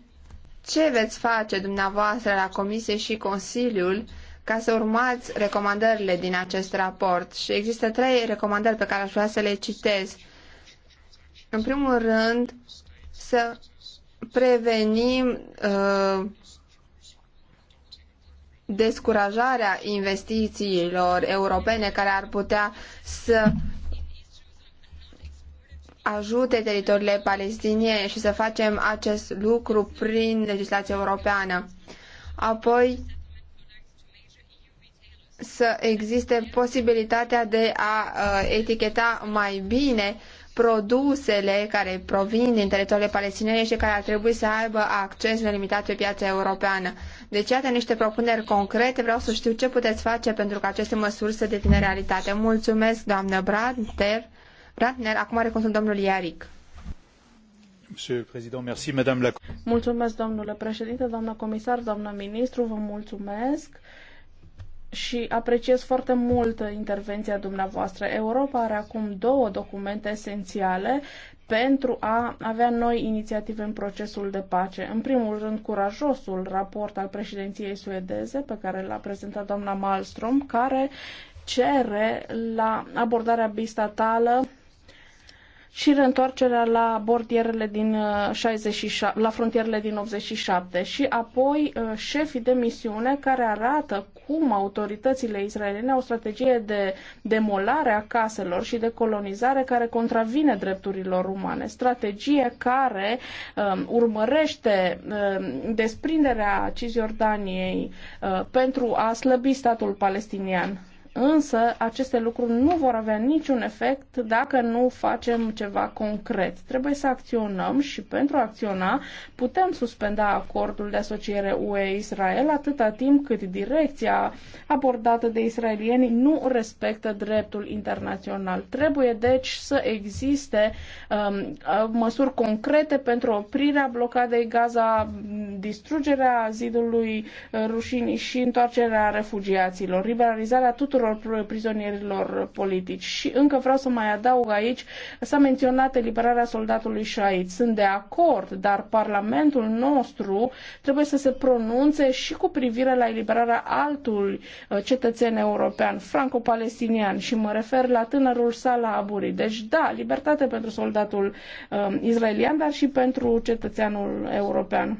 ce veți face dumneavoastră la Comisie și Consiliul ca să urmați recomandările din acest raport. Și există trei recomandări pe care aș vrea să le citez. În primul rând, să prevenim uh, descurajarea investițiilor europene care ar putea să ajute teritoriile palestiniene și să facem acest lucru prin legislația europeană. Apoi să existe posibilitatea de a uh, eticheta mai bine produsele care provin din teritoriile palestiniene și care ar trebui să aibă acces nelimitat pe piața europeană. Deci, iată niște propuneri concrete. Vreau să știu ce puteți face pentru ca aceste măsuri să devină realitate. Mulțumesc, doamnă Brandner. Brandner, acum are cuvântul domnul Iaric. Mulțumesc, domnule președinte, doamnă comisar, doamnă ministru, vă mulțumesc și apreciez foarte mult intervenția dumneavoastră. Europa are acum două documente esențiale pentru a avea noi inițiative în procesul de pace. În primul rând, curajosul raport al președinției suedeze pe care l-a prezentat doamna Malmström, care cere la abordarea bistatală și reîntoarcerea la bordierele din 67, uh, la frontierele din 87 și apoi uh, șefii de misiune care arată acum autoritățile israeliene au o strategie de demolare a caselor și de colonizare care contravine drepturilor umane. Strategie care um, urmărește um, desprinderea Cisjordaniei uh, pentru a slăbi statul palestinian. Însă aceste lucruri nu vor avea niciun efect dacă nu facem ceva concret. Trebuie să acționăm și pentru a acționa putem suspenda acordul de asociere UE-Israel atâta timp cât direcția abordată de israelieni nu respectă dreptul internațional. Trebuie deci să existe um, uh, măsuri concrete pentru oprirea blocadei Gaza, distrugerea zidului uh, rușinii și întoarcerea refugiaților, liberalizarea tuturor tuturor prizonierilor politici. Și încă vreau să mai adaug aici, s-a menționat eliberarea soldatului Shahid. Sunt de acord, dar Parlamentul nostru trebuie să se pronunțe și cu privire la eliberarea altului uh, cetățen european, franco-palestinian, și mă refer la tânărul Salah Aburi. Deci, da, libertate pentru soldatul um, uh, israelian, dar și pentru cetățeanul european.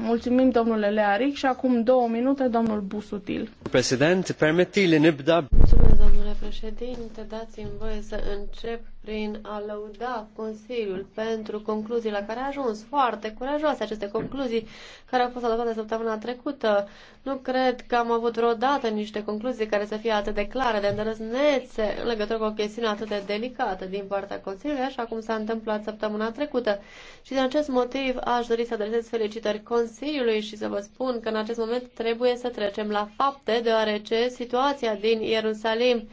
Mulțumim, domnule Learic, și acum două minute, domnul Busutil. Președinte, permiti-le nibda. Mulțumesc, domnule președinte, dați-mi voie să încep prin a lăuda Consiliul pentru concluzii la care a ajuns. Foarte curajoase aceste concluzii care au fost adoptate săptămâna trecută. Nu cred că am avut vreodată niște concluzii care să fie atât de clare, de îndrăznețe în legătură cu o chestiune atât de delicată din partea Consiliului, așa cum s-a întâmplat săptămâna trecută. Și din acest motiv aș dori să adresez felicitări Consiliului și să vă spun că în acest moment trebuie să trecem la fapte, deoarece situația din Ierusalim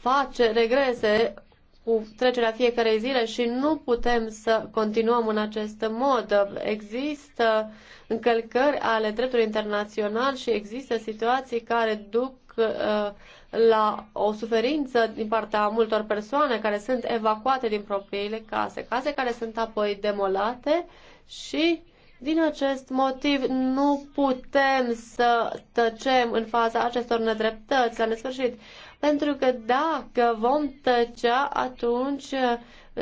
face regrese cu trecerea fiecarei zile și nu putem să continuăm în acest mod. Există încălcări ale dreptului internațional și există situații care duc uh, la o suferință din partea multor persoane care sunt evacuate din propriile case, case care sunt apoi demolate și din acest motiv nu putem să tăcem în fața acestor nedreptăți la nesfârșit pentru că dacă vom tăcea, atunci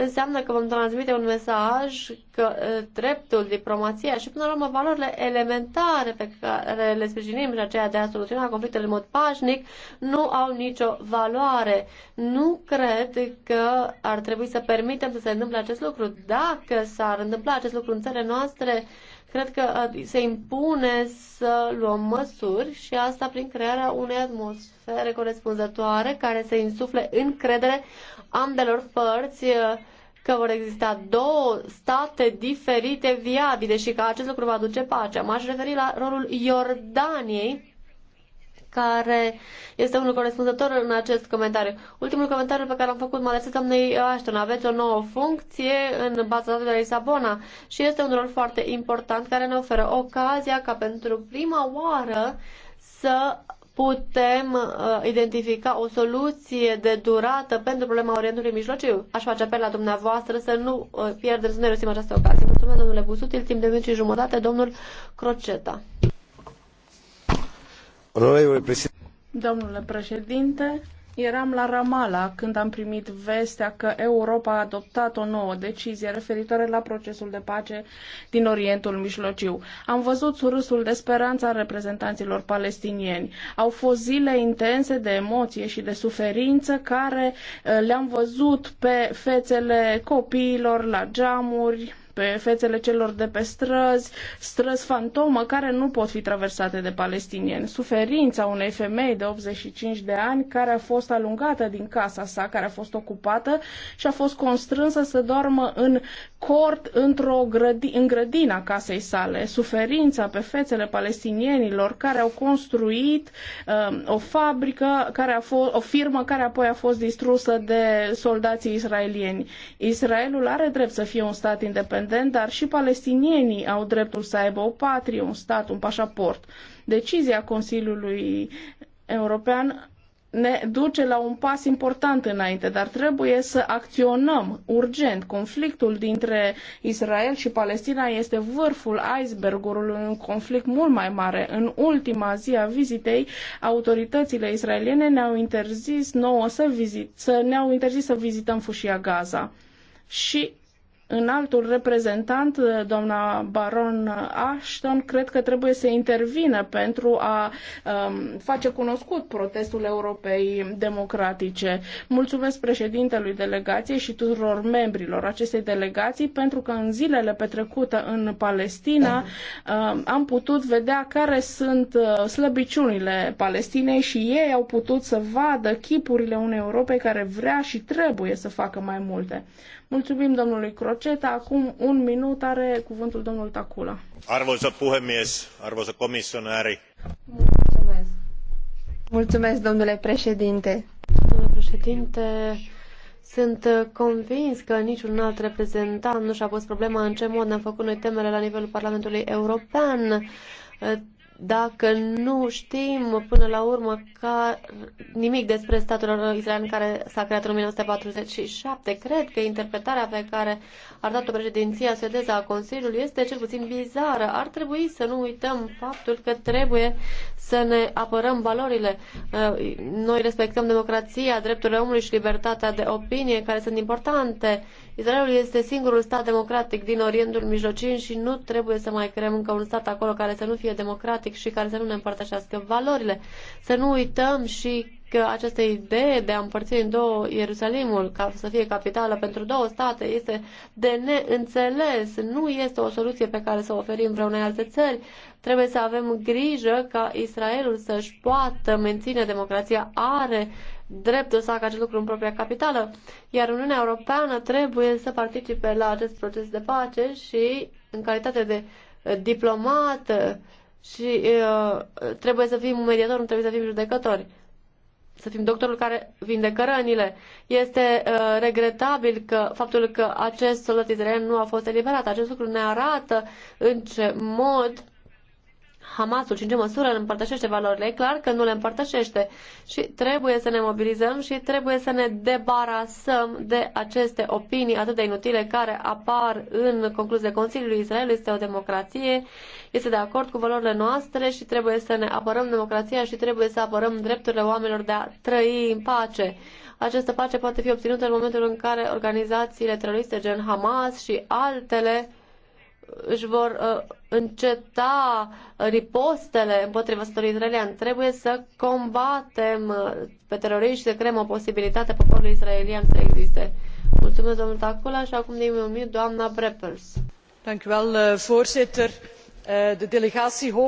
înseamnă că vom transmite un mesaj că dreptul, diplomația și, până la urmă, valorile elementare pe care le sprijinim și aceea de a soluționa conflictele în mod pașnic nu au nicio valoare. Nu cred că ar trebui să permitem să se întâmple acest lucru. Dacă s-ar întâmpla acest lucru în țările noastre, cred că uh, se impune să luăm măsuri și asta prin crearea unei atmosfere corespunzătoare care să insufle încredere ambelor părți uh, că vor exista două state diferite viabile și că acest lucru va duce pacea. M-aș referi la rolul Iordaniei care este unul corespunzător în acest comentariu. Ultimul comentariu pe care l-am făcut mă adresez doamnei Ashton. Aveți o nouă funcție în baza de la Lisabona și este un rol foarte important care ne oferă ocazia ca pentru prima oară să putem uh, identifica o soluție de durată pentru problema Orientului Mijlociu. Aș face apel la dumneavoastră să nu uh, pierdeți, să ne răsim această ocazie. Mulțumesc, domnule Busutil. Timp de minut și jumătate, domnul Croceta. Domnule președinte, Eram la Ramala când am primit vestea că Europa a adoptat o nouă decizie referitoare la procesul de pace din Orientul Mijlociu. Am văzut surâsul de speranță a reprezentanților palestinieni. Au fost zile intense de emoție și de suferință care eh, le-am văzut pe fețele copiilor, la geamuri, pe fețele celor de pe străzi, străzi fantomă care nu pot fi traversate de palestinieni. Suferința unei femei de 85 de ani care a fost alungată din casa sa, care a fost ocupată și a fost constrânsă să doarmă în cort într-o grădi- în grădina casei sale. Suferința pe fețele palestinienilor care au construit um, o fabrică, care a fost, o firmă care apoi a fost distrusă de soldații israelieni. Israelul are drept să fie un stat independent independent, dar și palestinienii au dreptul să aibă o patrie, un stat, un pașaport. Decizia Consiliului European ne duce la un pas important înainte, dar trebuie să acționăm urgent. Conflictul dintre Israel și Palestina este vârful icebergului, un conflict mult mai mare. În ultima zi a vizitei, autoritățile israeliene ne-au interzis nouă să, vizit, să ne-au interzis să vizităm fâșia Gaza. Și înaltul reprezentant, eh, doamna Baron Ashton, cred că trebuie să intervină pentru a um, face cunoscut protestul Europei Democratice. Mulțumesc președintelui delegației și tuturor membrilor acestei delegații pentru că în zilele petrecute în Palestina um, am putut vedea care sunt eh, slăbiciunile Palestinei și ei au putut să vadă chipurile unei Europe care vrea și trebuie să facă mai multe. Mulțumim domnului Croceta. Acum un minut are cuvântul domnul Tacula. Arvoisa puhemies, arvoisa comisionari. Mulțumesc. Mulțumesc, domnule președinte. Domnule președinte, sunt convins că niciun alt reprezentant nu și-a pus problema în ce mod ne-am făcut noi temele la nivelul Parlamentului European dacă nu știm până la urmă ca nimic despre statul israelian care s-a creat în 1947. Cred că interpretarea pe care a dat-o președinția suedeză a Consiliului este cel puțin bizară. Ar trebui să nu uităm faptul că trebuie să ne apărăm valorile. Uh, noi respectăm democrația, drepturile omului și libertatea de opinie, care sunt importante. Israelul este singurul stat democratic din Orientul Mijlociu și nu trebuie să mai creăm încă un stat acolo care să nu fie democratic și care să nu ne împărtășească valorile. Să nu uităm și că această idee de a împărți în două Ierusalimul, ca să fie capitală pentru două state, este de neînțeles. Nu este o soluție pe care să o oferim vreunei alte țări. Trebuie să avem grijă ca Israelul să-și poată menține democrația. Are dreptul să facă acest lucru în propria capitală, iar Uniunea Europeană trebuie să participe la acest proces de pace și, în calitate de uh, diplomat, uh, și uh, trebuie să fim mediatori, nu trebuie să fim judecători să fim doctorul care vindecă rănile. Este uh, regretabil că faptul că acest soldat israelian nu a fost eliberat. Acest lucru ne arată în ce mod Hamasul și în ce măsură împărtășește valorile. E clar că nu le împărtășește și trebuie să ne mobilizăm și trebuie să ne debarasăm de aceste opinii atât de inutile care apar în concluzia Consiliului Israel. Este o democrație, este de acord cu valorile noastre și trebuie să ne apărăm democrația și trebuie să apărăm drepturile oamenilor de a trăi în pace. Această pace poate fi obținută în momentul în care organizațiile teroriste gen Hamas și altele își vor uh, înceta ripostele împotriva statului israelian. Trebuie să combatem uh, pe teroriști și să creăm o posibilitate poporului israelian să existe. Mulțumesc, domnul Tacula, și acum ne i mulțumit, doamna Breppels. Eh, eh,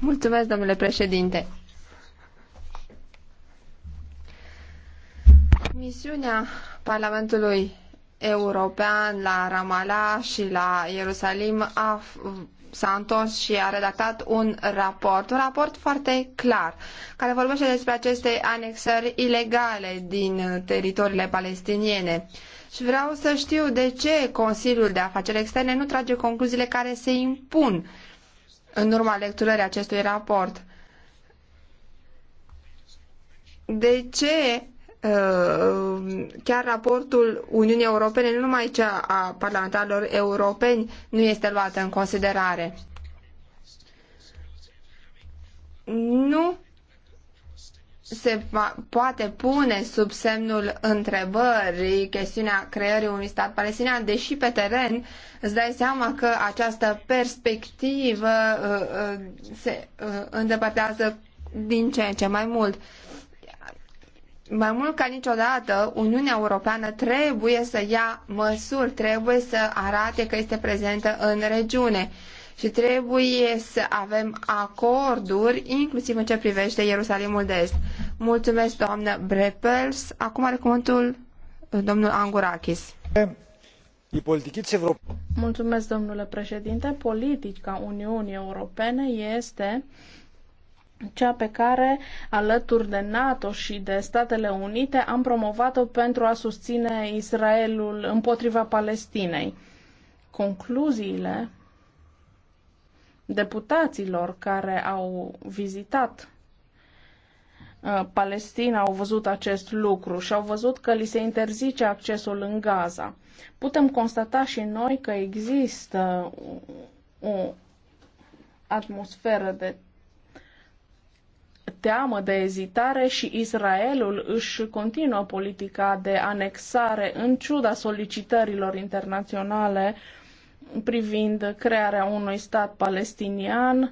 Mulțumesc, domnule președinte. Misiunea Parlamentului european la Ramallah și la Ierusalim a, s-a întors și a redactat un raport, un raport foarte clar, care vorbește despre aceste anexări ilegale din teritoriile palestiniene. Și vreau să știu de ce Consiliul de Afaceri Externe nu trage concluziile care se impun în urma lecturării acestui raport. De ce Uh, chiar raportul Uniunii Europene, nu numai cea a parlamentarilor europeni, nu este luată în considerare. Nu se poate pune sub semnul întrebării chestiunea creării unui stat palestinian, deși pe teren îți dai seama că această perspectivă uh, uh, se îndepărtează din ce în ce mai mult mai mult ca niciodată, Uniunea Europeană trebuie să ia măsuri, trebuie să arate că este prezentă în regiune și trebuie să avem acorduri, inclusiv în ce privește Ierusalimul de Est. Mulțumesc, doamnă Brepels. Acum are cuvântul uh, domnul Angurakis. Mulțumesc, domnule președinte. Politica Uniunii Europene este cea pe care, alături de NATO și de Statele Unite, am promovat-o pentru a susține Israelul împotriva Palestinei. Concluziile deputaților care au vizitat uh, Palestina au văzut acest lucru și au văzut că li se interzice accesul în Gaza. Putem constata și noi că există o atmosferă de teamă, de ezitare și Israelul își continuă politica de anexare în ciuda solicitărilor internaționale uh, privind crearea unui stat palestinian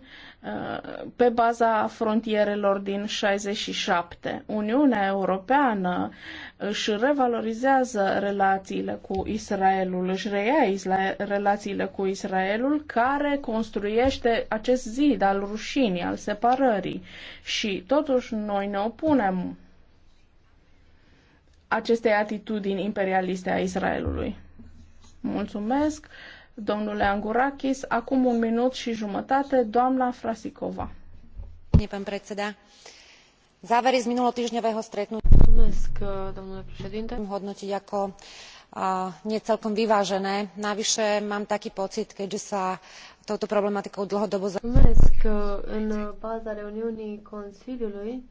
uh, pe baza frontierelor din 67. Uniunea Europeană își revalorizează relațiile cu Israelul, își reia relațiile cu Israelul, care construiește acest zid al rușinii, al separării. Și totuși noi ne opunem acestei atitudini imperialiste a Israelului. Mulțumesc! domnule Angurakis. Acum un minut și jumătate, doamna Frasicova. Závery z minulotýždňového stretnutia hodnotiť ako nie celkom vyvážené. Navyše mám taký pocit, keďže sa touto problematikou dlhodobo în baza reuniunii Consiliului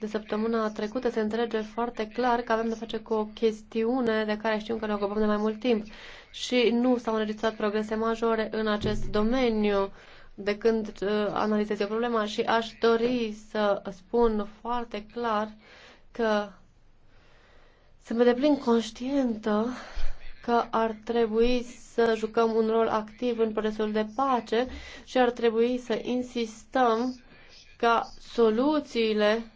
de săptămâna trecută se înțelege foarte clar că avem de face cu o chestiune de care știm că ne ocupăm de mai mult timp și nu s-au înregistrat progrese majore în acest domeniu de când uh, analizez eu problema și aș dori să spun foarte clar că sunt pe deplin conștientă că ar trebui să jucăm un rol activ în procesul de pace și ar trebui să insistăm ca soluțiile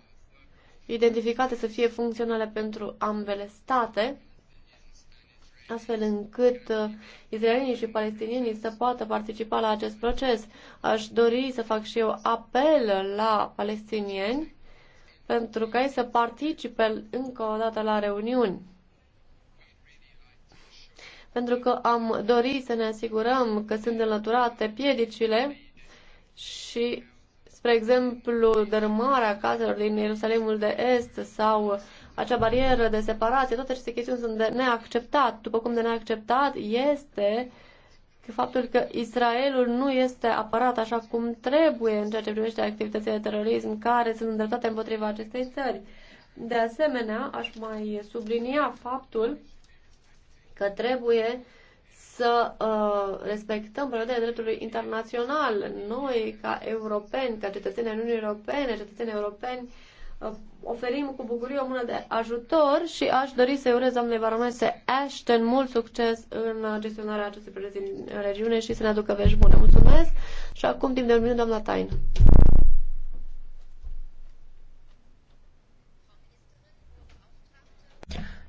identificate să fie funcționale pentru ambele state astfel încât uh, izraelienii și palestinienii să poată participa la acest proces. Aș dori să fac și eu apel la palestinieni pentru ca ei să participe încă o dată la reuniuni. Pentru că am dorit să ne asigurăm că sunt înlăturate piedicile și, spre exemplu, dărâmarea caselor din Ierusalimul de Est sau uh, acea barieră de separație, toate aceste chestiuni sunt de neacceptat. După cum de neacceptat este faptul că Israelul nu este apărat așa cum trebuie în ceea ce privește activitățile de terorism care sunt îndreptate împotriva acestei țări. De asemenea, aș mai sublinia faptul că trebuie să uh, respectăm prevederea dreptului internațional. Noi, ca europeni, ca cetățeni ai Uniunii Europene, cetățeni europeni, Ă, oferim cu bucurie o mână de ajutor și aș dori să-i urez doamnei baronese Ashton mult succes în gestionarea acestei proiecte în regiune și să ne aducă vești bune. Mulțumesc și acum timp de un minut, doamna Tain.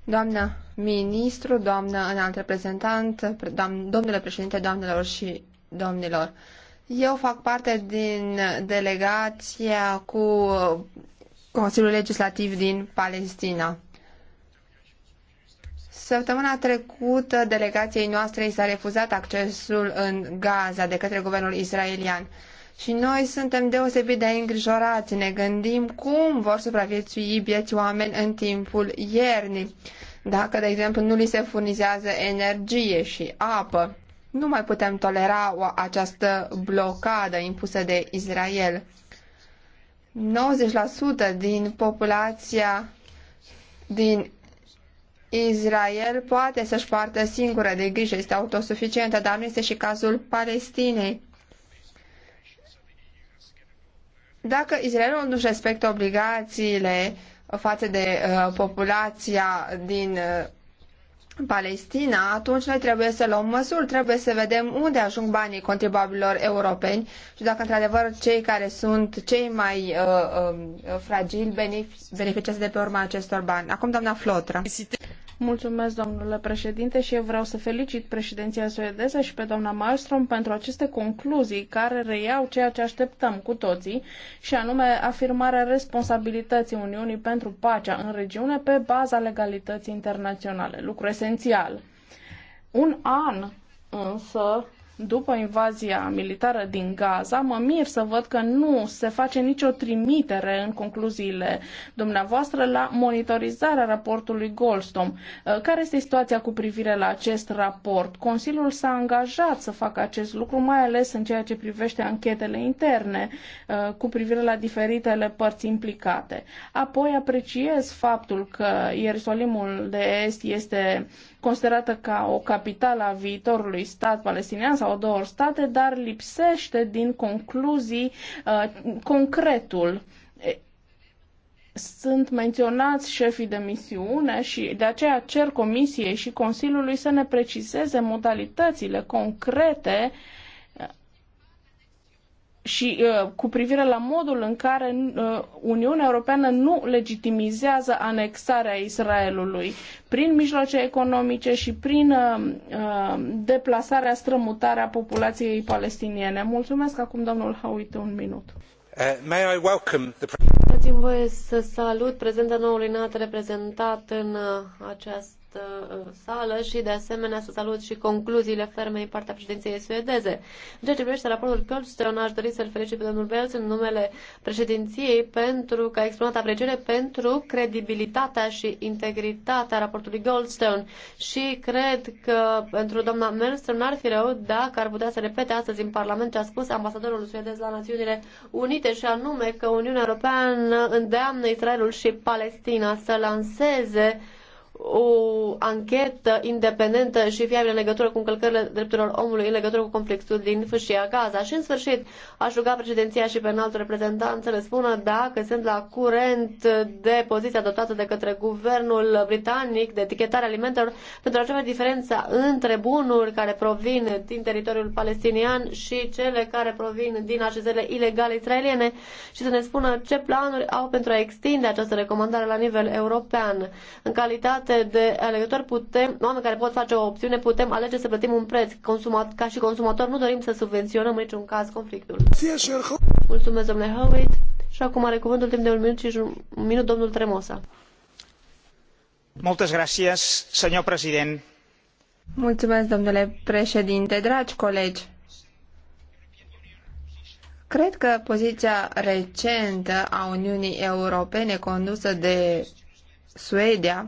Doamna ministru, doamna înalt reprezentant, domnule președinte, doamnelor și domnilor, eu fac parte din delegația cu Consiliul Legislativ din Palestina. Săptămâna trecută, delegației noastre i s-a refuzat accesul în Gaza de către guvernul israelian. Și noi suntem deosebit de îngrijorați, ne gândim cum vor supraviețui bieți oameni în timpul iernii, dacă, de exemplu, nu li se furnizează energie și apă. Nu mai putem tolera această blocadă impusă de Israel. 90% din populația din Israel poate să-și poartă singură de grijă, este autosuficientă, dar nu este și cazul Palestinei. Dacă Israelul nu-și respectă obligațiile față de uh, populația din uh, Palestina, atunci noi trebuie să luăm măsuri, trebuie să vedem unde ajung banii contribuabililor europeni și dacă într-adevăr cei care sunt cei mai uh, uh, fragili beneficiază de pe urma acestor bani. Acum, doamna Flotra. Mulțumesc, domnule președinte, și eu vreau să felicit președinția suedeză și pe doamna Malmström pentru aceste concluzii care reiau ceea ce așteptăm cu toții, și anume afirmarea responsabilității Uniunii pentru pacea în regiune pe baza legalității internaționale, lucru esențial. Un an însă după invazia militară din Gaza, mă mir să văd că nu se face nicio trimitere în concluziile dumneavoastră la monitorizarea raportului Goldstone. Uh, care este situația cu privire la acest raport? Consiliul s-a angajat să facă acest lucru, mai ales în ceea ce privește anchetele interne uh, cu privire la diferitele părți implicate. Apoi apreciez faptul că Ierusalimul de Est este considerată ca o capitală a viitorului stat palestinian sau două state, dar lipsește din concluzii uh, concretul sunt menționați șefii de misiune și de aceea cer Comisiei și Consiliului să ne precizeze modalitățile concrete uh, și uh, cu privire la modul în care uh, Uniunea Europeană nu legitimizează anexarea Israelului prin mijloace economice și prin uh, uh deplasarea, strămutarea populației palestiniene. Mulțumesc acum domnul Hawit un minut. Uh, Dați-mi voie să salut prezenta noului înalt reprezentat în uh, această această uh, sală și de asemenea să salut și concluziile fermei partea președinției suedeze. În ceea ce privește raportul Kölstein, aș dori să-l felicit pe domnul Belz în numele președinției pentru că a exprimat apreciere pentru credibilitatea și integritatea raportului Goldstone și cred că pentru doamna Melström n-ar fi rău dacă ar putea să repete astăzi în Parlament ce a spus ambasadorul suedez la Națiunile Unite și anume că Uniunea Europeană îndeamnă Israelul și Palestina să lanseze o anchetă independentă și fiabilă în legătură cu încălcările drepturilor omului în legătură cu conflictul din Fâșia Gaza. Și în sfârșit aș ruga președinția și pe înaltul reprezentant să răspună dacă sunt la curent de poziția adoptată de către guvernul britanic de etichetare alimentelor pentru a face diferența între bunuri care provin din teritoriul palestinian și cele care provin din așezările ilegale israeliene și să ne spună ce planuri au pentru a extinde această recomandare la nivel european. În calitate calitate de alegători putem, oameni care pot face o opțiune, putem alege să plătim un preț. Consumat, ca și consumator nu dorim să subvenționăm în niciun caz conflictul. Mulțumesc, domnule Howitt. Și acum are cuvântul timp de un minut și un minut domnul Tremosa. Moltes gracias, señor president. Mulțumesc, domnule președinte, dragi colegi. Cred că poziția recentă a Uniunii Europene condusă de Suedia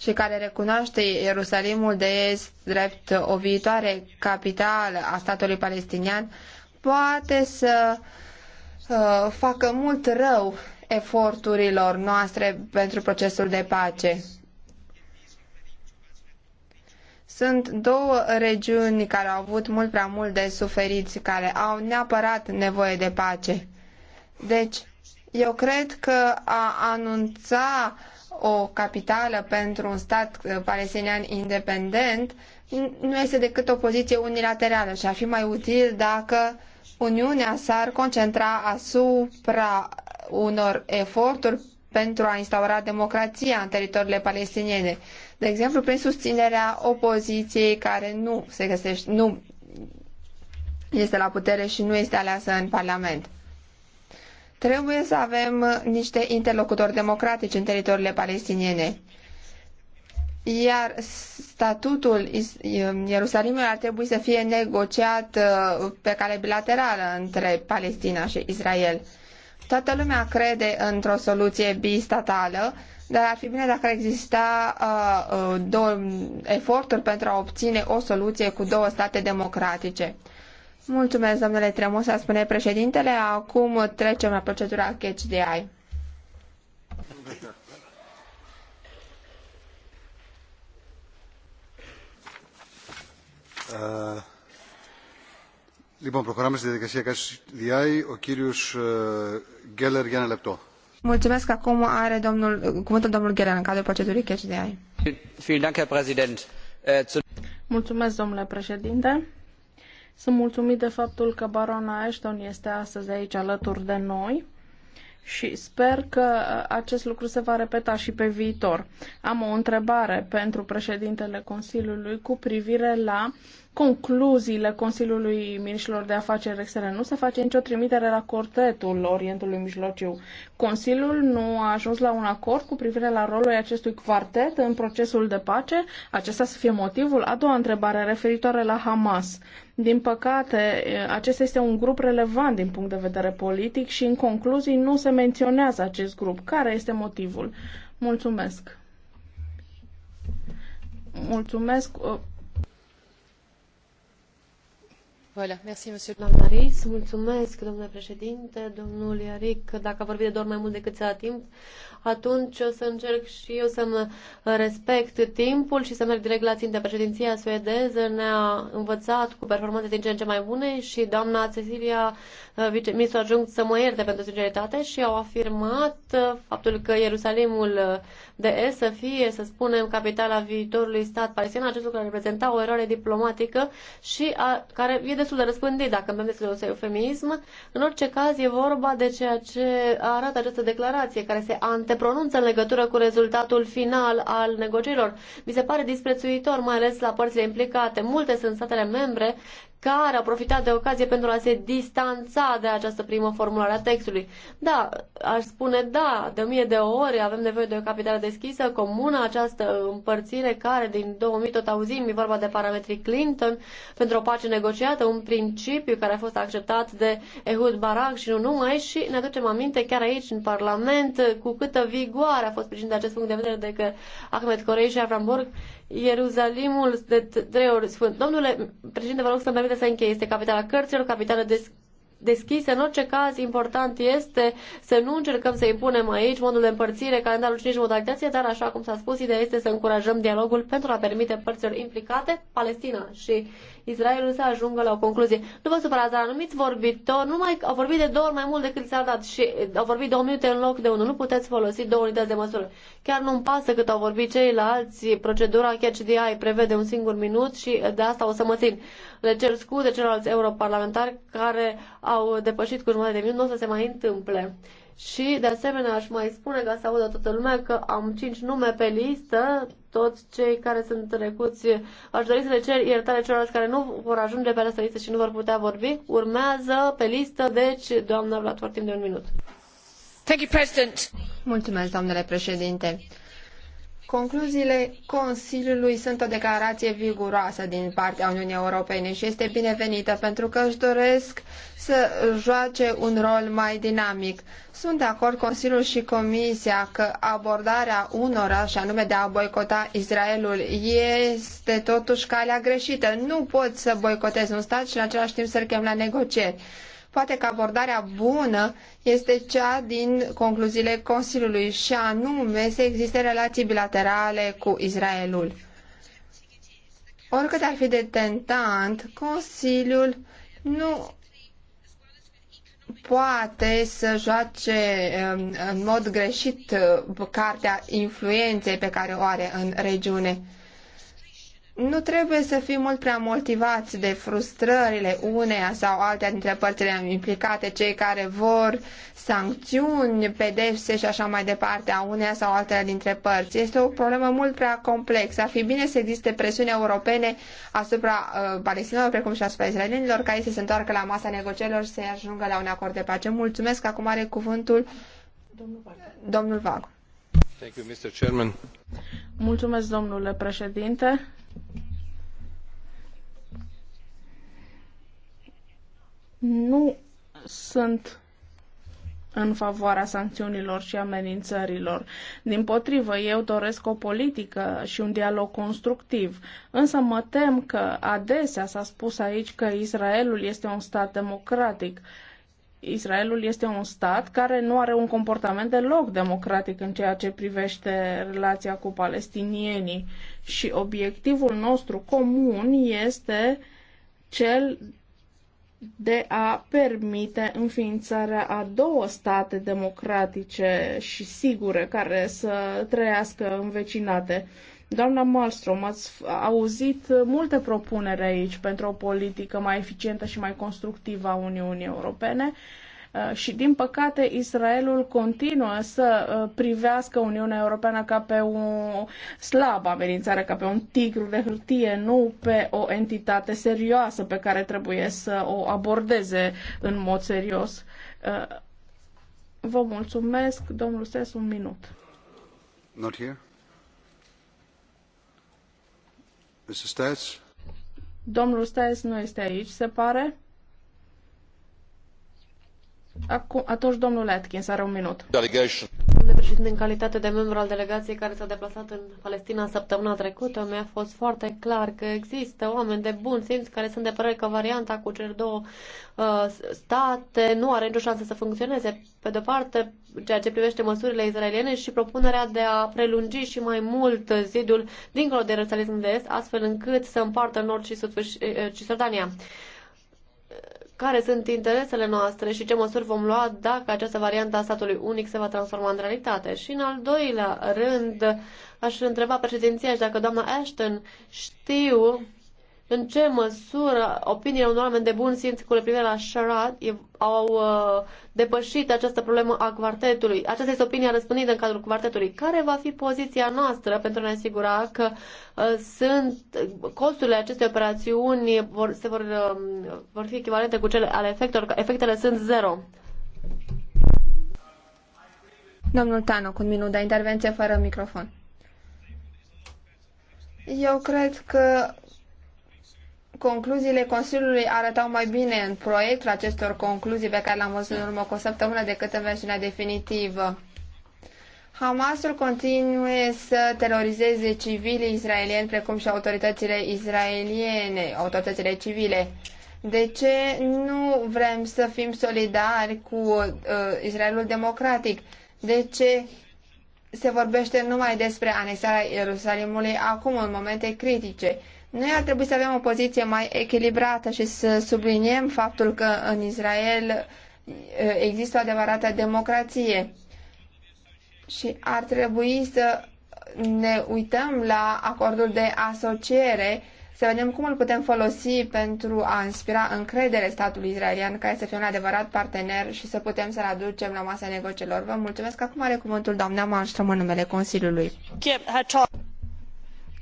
și care recunoaște Ierusalimul de Est drept o viitoare capitală a statului palestinian, poate să uh, facă mult rău eforturilor noastre pentru procesul de pace. Sunt două regiuni care au avut mult prea mult de suferiți, care au neapărat nevoie de pace. Deci, eu cred că a anunța o capitală pentru un stat uh, palestinian independent nu este decât o poziție unilaterală și ar fi mai util dacă Uniunea s-ar concentra asupra unor eforturi pentru a instaura democrația în teritoriile palestiniene, de exemplu prin susținerea opoziției care nu se găsește, nu este la putere și nu este aleasă în Parlament. Trebuie să avem niște interlocutori democratici în teritoriile palestiniene. Iar statutul um, Ierusalimului ar trebui să fie negociat uh, pe cale bilaterală între Palestina și Israel. Toată lumea crede într-o soluție bistatală, dar ar fi bine dacă ar exista uh, uh două eforturi pentru a obține o soluție cu două state democratice. Mulțumesc, domnule Tremusa, spune președintele. Acum trecem la procedura catch the eye. Uh, λοιπόν, προχωράμε στη διαδικασία catch the eye. Ο κύριος Γκέλλερ uh, για ένα λεπτό. Mulțumesc. Acum are domnul, cuvântul domnul Gheren în cadrul procedurii catch the eye. Äh, Mulțumesc, domnule președinte. Sunt mulțumit de faptul că barona Ashton este astăzi aici alături de noi și sper că uh, acest lucru se va repeta și pe viitor. Am o întrebare pentru președintele Consiliului cu privire la concluziile Consiliului Ministrilor de Afaceri Externe. Nu se face nicio trimitere la cortetul Orientului Mijlociu. Consiliul nu a ajuns la un acord cu privire la rolul acestui quartet în procesul de pace. Acesta să fie motivul. A doua întrebare referitoare la Hamas. Din păcate, acesta este un grup relevant din punct de vedere politic și în concluzii nu se menționează acest grup. Care este motivul? Mulțumesc. Mulțumesc. Voilà, merci, mulțumesc, domnule președinte, domnul Iaric, dacă a vorbit de doar mai mult decât ți-a timp, atunci o să încerc și eu să mă respect timpul și să merg direct la ținte. Președinția suedeză ne-a învățat cu performanțe din ce în ce mai bune și doamna Cecilia, uh, s-a ajuns să mă ierte pentru sinceritate și au afirmat uh, faptul că Ierusalimul uh, de est să fie, să spunem, capitala viitorului stat palestinian. Acest lucru reprezenta o eroare diplomatică și a, care e destul de răspândit, dacă îmi permiteți un eufemism. În orice caz, e vorba de ceea ce arată această declarație, care se an te pronunță în legătură cu rezultatul final al negocierilor. Mi se pare disprețuitor, mai ales la părțile implicate. Multe sunt statele membre care a profitat de ocazie pentru a se distanța de această primă formulare a textului. Da, aș spune da, de o mie de ori avem nevoie de o capitală deschisă, comună, această împărțire care din 2000 tot auzim, e vorba de parametrii Clinton pentru o pace negociată, un principiu care a fost acceptat de Ehud Barak și nu numai și ne aducem aminte chiar aici în Parlament cu câtă vigoare a fost sprijinit acest punct de vedere de că Ahmed Corei și Avram Ierusalimul de trei ori sfânt. Domnule președinte, vă rog să-mi permite să închei. Este capitala cărților, capitala des- deschise. În orice caz, important este să nu încercăm să impunem aici modul de împărțire, calendarul și nici modalitatea, dar, așa cum s-a spus, ideea este să încurajăm dialogul pentru a permite părților implicate, Palestina și Israelul să ajungă la o concluzie. Nu vă supărați, dar anumiți vorbitori nu mai, au vorbit de două ori mai mult decât s-a dat și au vorbit două minute în loc de unul. Nu puteți folosi două unități de măsură. Chiar nu-mi pasă cât au vorbit ceilalți. Procedura catch the prevede un singur minut și de asta o să mă țin. Le cer scuze celorlalți europarlamentari care au depășit cu jumătate de minut. Nu o să se mai întâmple. Și, de asemenea, aș mai spune ca să audă toată lumea că am cinci nume pe listă, toți cei care sunt trecuți. Aș dori să le cer iertare celorlalți care nu vor ajunge pe această listă și nu vor putea vorbi. Urmează pe listă, deci, doamna Vlad, timp de un minut. Thank you, President. Mulțumesc, doamnele președinte. Concluziile Consiliului sunt o declarație viguroasă din partea Uniunii Europene și este binevenită pentru că își doresc să joace un rol mai dinamic. Sunt de acord Consiliul și Comisia că abordarea unora, și anume de a boicota Israelul, este totuși calea greșită. Nu poți să boicotezi un stat și în același timp să-l chem la negocieri. Poate că abordarea bună este cea din concluziile Consiliului și anume să existe relații bilaterale cu Israelul. Oricât ar fi de tentant, Consiliul nu poate să joace um, în mod greșit uh, cartea influenței pe care o are în regiune. Nu trebuie să fim mult prea motivați de frustrările uneia sau altea dintre părțile implicate, cei care vor sancțiuni, pedepse și așa mai departe a uneia sau altea dintre părți. Este o problemă mult prea complexă. Ar fi bine să existe presiuni europene asupra uh, palestinilor, precum și asupra israelienilor, ei să se întoarcă la masa negocierilor și să ajungă la un acord de pace. Mulțumesc. Acum are cuvântul domnul Vago. Domnul Vago. Mulțumesc, domnule președinte nu sunt în favoarea sancțiunilor și amenințărilor. Din potrivă, eu doresc o politică și un dialog constructiv, însă mă tem că adesea s-a spus aici că Israelul este un stat democratic Israelul este un stat care nu are un comportament deloc democratic în ceea ce privește relația cu palestinienii și obiectivul nostru comun este cel de a permite înființarea a două state democratice și sigure care să trăiască învecinate. Doamna Malmström, ați auzit multe propuneri aici pentru o politică mai eficientă și mai constructivă a Uniunii Europene uh, și, din păcate, Israelul continuă să uh, privească Uniunea Europeană ca pe o slabă amenințare, ca pe un tigru de hârtie, nu pe o entitate serioasă pe care trebuie să o abordeze în mod serios. Uh, vă mulțumesc, domnul Stes, un minut. Not here. Mrs. Domnul Staes nu este aici, se pare. Acum, atunci domnul Atkins are un minut. Delegation. Domnule președinte, în calitate de membru al delegației care s-a deplasat în Palestina săptămâna trecută, mi-a fost foarte clar că există oameni de bun simț care sunt de părere că varianta cu cele două uh, state nu are nicio șansă să funcționeze. Pe de parte, ceea ce privește măsurile izraeliene și propunerea de a prelungi și mai mult zidul dincolo de Răsalism de Est, astfel încât să împartă Nord și Sud și Uh, care sunt interesele noastre și ce măsuri vom lua dacă această variantă a statului unic se va transforma în realitate. Și în al doilea rând, aș întreba președinția și dacă doamna Ashton știu în ce măsură opiniile unor oameni de bun simț cu privire la Sherrod au uh, depășit această problemă a quartetului. Aceasta este opinia răspândită în cadrul quartetului. Care va fi poziția noastră pentru a ne asigura că uh, sunt costurile acestei operațiuni vor, se vor, uh, vor fi echivalente cu cele ale efectelor, că efectele sunt zero? Domnul cu un minut de intervenție fără microfon. Eu cred că concluziile Consiliului arătau mai bine în proiectul acestor concluzii pe care le-am văzut în urmă cu o săptămână decât în versiunea definitivă. Hamasul continuă să terorizeze civilii israelieni precum și autoritățile israeliene, autoritățile civile. De ce nu vrem să fim solidari cu uh, Israelul democratic? De ce se vorbește numai despre anexarea Ierusalimului acum, în momente critice? Noi ar trebui să avem o poziție mai echilibrată și să subliniem faptul că în Israel eh, există o adevărată democrație și ar trebui să ne uităm la acordul de asociere, să vedem cum îl putem folosi pentru a inspira încredere statului israelian, care să fie un adevărat partener și să putem să-l aducem la masa negocierilor. Vă mulțumesc. Acum are cuvântul doamna Manstrom în numele Consiliului.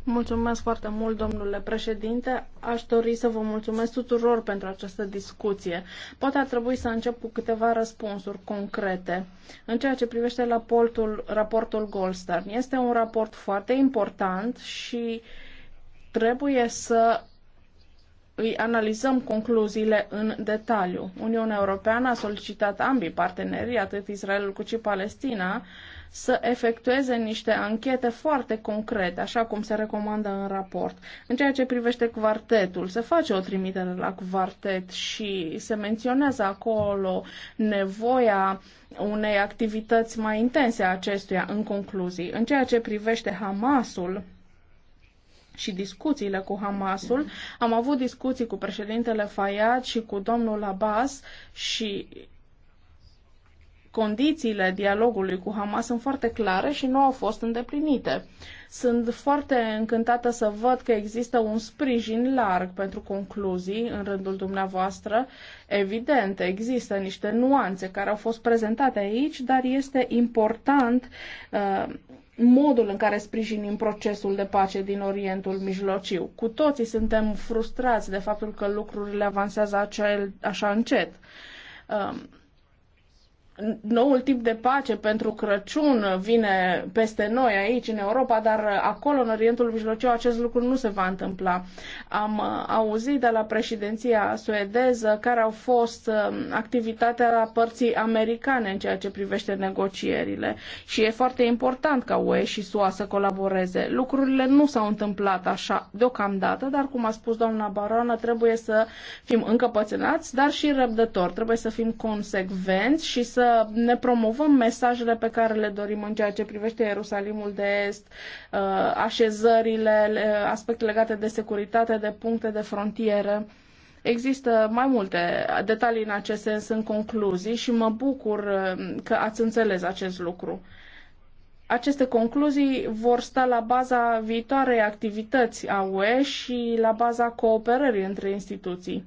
Mulțumesc foarte mult, domnule președinte. Aș dori să vă mulțumesc tuturor pentru această discuție. Poate ar trebui să încep cu câteva răspunsuri concrete. În ceea ce privește raportul, raportul Goldstern, este un raport foarte important și trebuie să îi analizăm concluziile în detaliu. Uniunea Europeană a solicitat ambii parteneri, atât Israelul cât și Palestina, să efectueze niște anchete foarte concrete, așa cum se recomandă în raport. În ceea ce privește quartetul, se face o trimitere la quartet și se menționează acolo nevoia unei activități mai intense a acestuia în concluzii. În ceea ce privește Hamasul, și discuțiile cu Hamasul. Am avut discuții cu președintele Fayad și cu domnul Abbas și condițiile dialogului cu Hamas sunt foarte clare și nu au fost îndeplinite. Sunt foarte încântată să văd că există un sprijin larg pentru concluzii în rândul dumneavoastră. Evident, există niște nuanțe care au fost prezentate aici, dar este important uh, modul în care sprijinim procesul de pace din Orientul Mijlociu. Cu toții suntem frustrați de faptul că lucrurile avansează acel, așa încet. Uh, noul tip de pace pentru Crăciun vine peste noi aici în Europa, dar acolo în Orientul Mijlociu acest lucru nu se va întâmpla. Am uh, auzit de la președinția suedeză care au fost um, activitatea la părții americane în ceea ce privește negocierile și e foarte important ca UE și SUA să colaboreze. Lucrurile nu s-au întâmplat așa deocamdată, dar cum a spus doamna baroană, trebuie să fim încăpățânați, dar și răbdători. Trebuie să fim consecvenți și să să ne promovăm mesajele pe care le dorim în ceea ce privește Ierusalimul de Est, uh, așezările, aspecte legate de securitate, de puncte de frontieră. Există mai multe detalii în acest sens în concluzii și mă bucur uh, că ați înțeles acest lucru. Aceste concluzii vor sta la baza viitoarei activități a UE și la baza cooperării între instituții.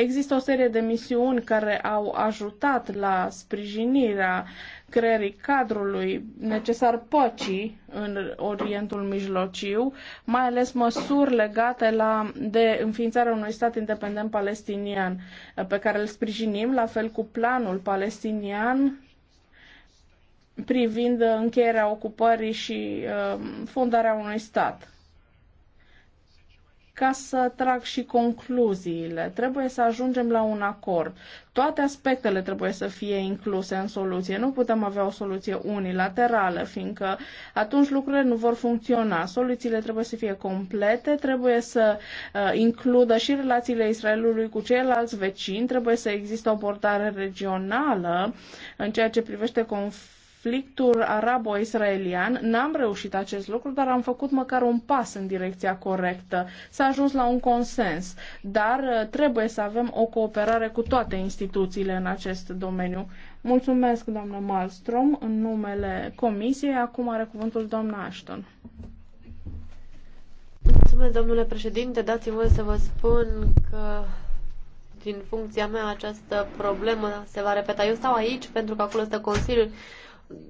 Există o serie de misiuni care au ajutat la sprijinirea creării cadrului necesar păcii în Orientul Mijlociu, mai ales măsuri legate la, de înființarea unui stat independent palestinian, pe care îl sprijinim, la fel cu planul palestinian privind încheierea ocupării și uh, fundarea unui stat ca să trag și concluziile. Trebuie să ajungem la un acord. Toate aspectele trebuie să fie incluse în soluție. Nu putem avea o soluție unilaterală, fiindcă atunci lucrurile nu vor funcționa. Soluțiile trebuie să fie complete, trebuie să uh, includă și relațiile Israelului cu ceilalți vecini, trebuie să existe o portare regională în ceea ce privește conflictul conflictul arabo-israelian. N-am reușit acest lucru, dar am făcut măcar un pas în direcția corectă. S-a ajuns la un consens, dar uh, trebuie să avem o cooperare cu toate instituțiile în acest domeniu. Mulțumesc, doamnă Malmström, în numele Comisiei. Acum are cuvântul doamna Ashton. Mulțumesc, domnule președinte. Dați-mi să vă spun că din funcția mea această problemă se va repeta. Eu stau aici pentru că acolo stă Consiliul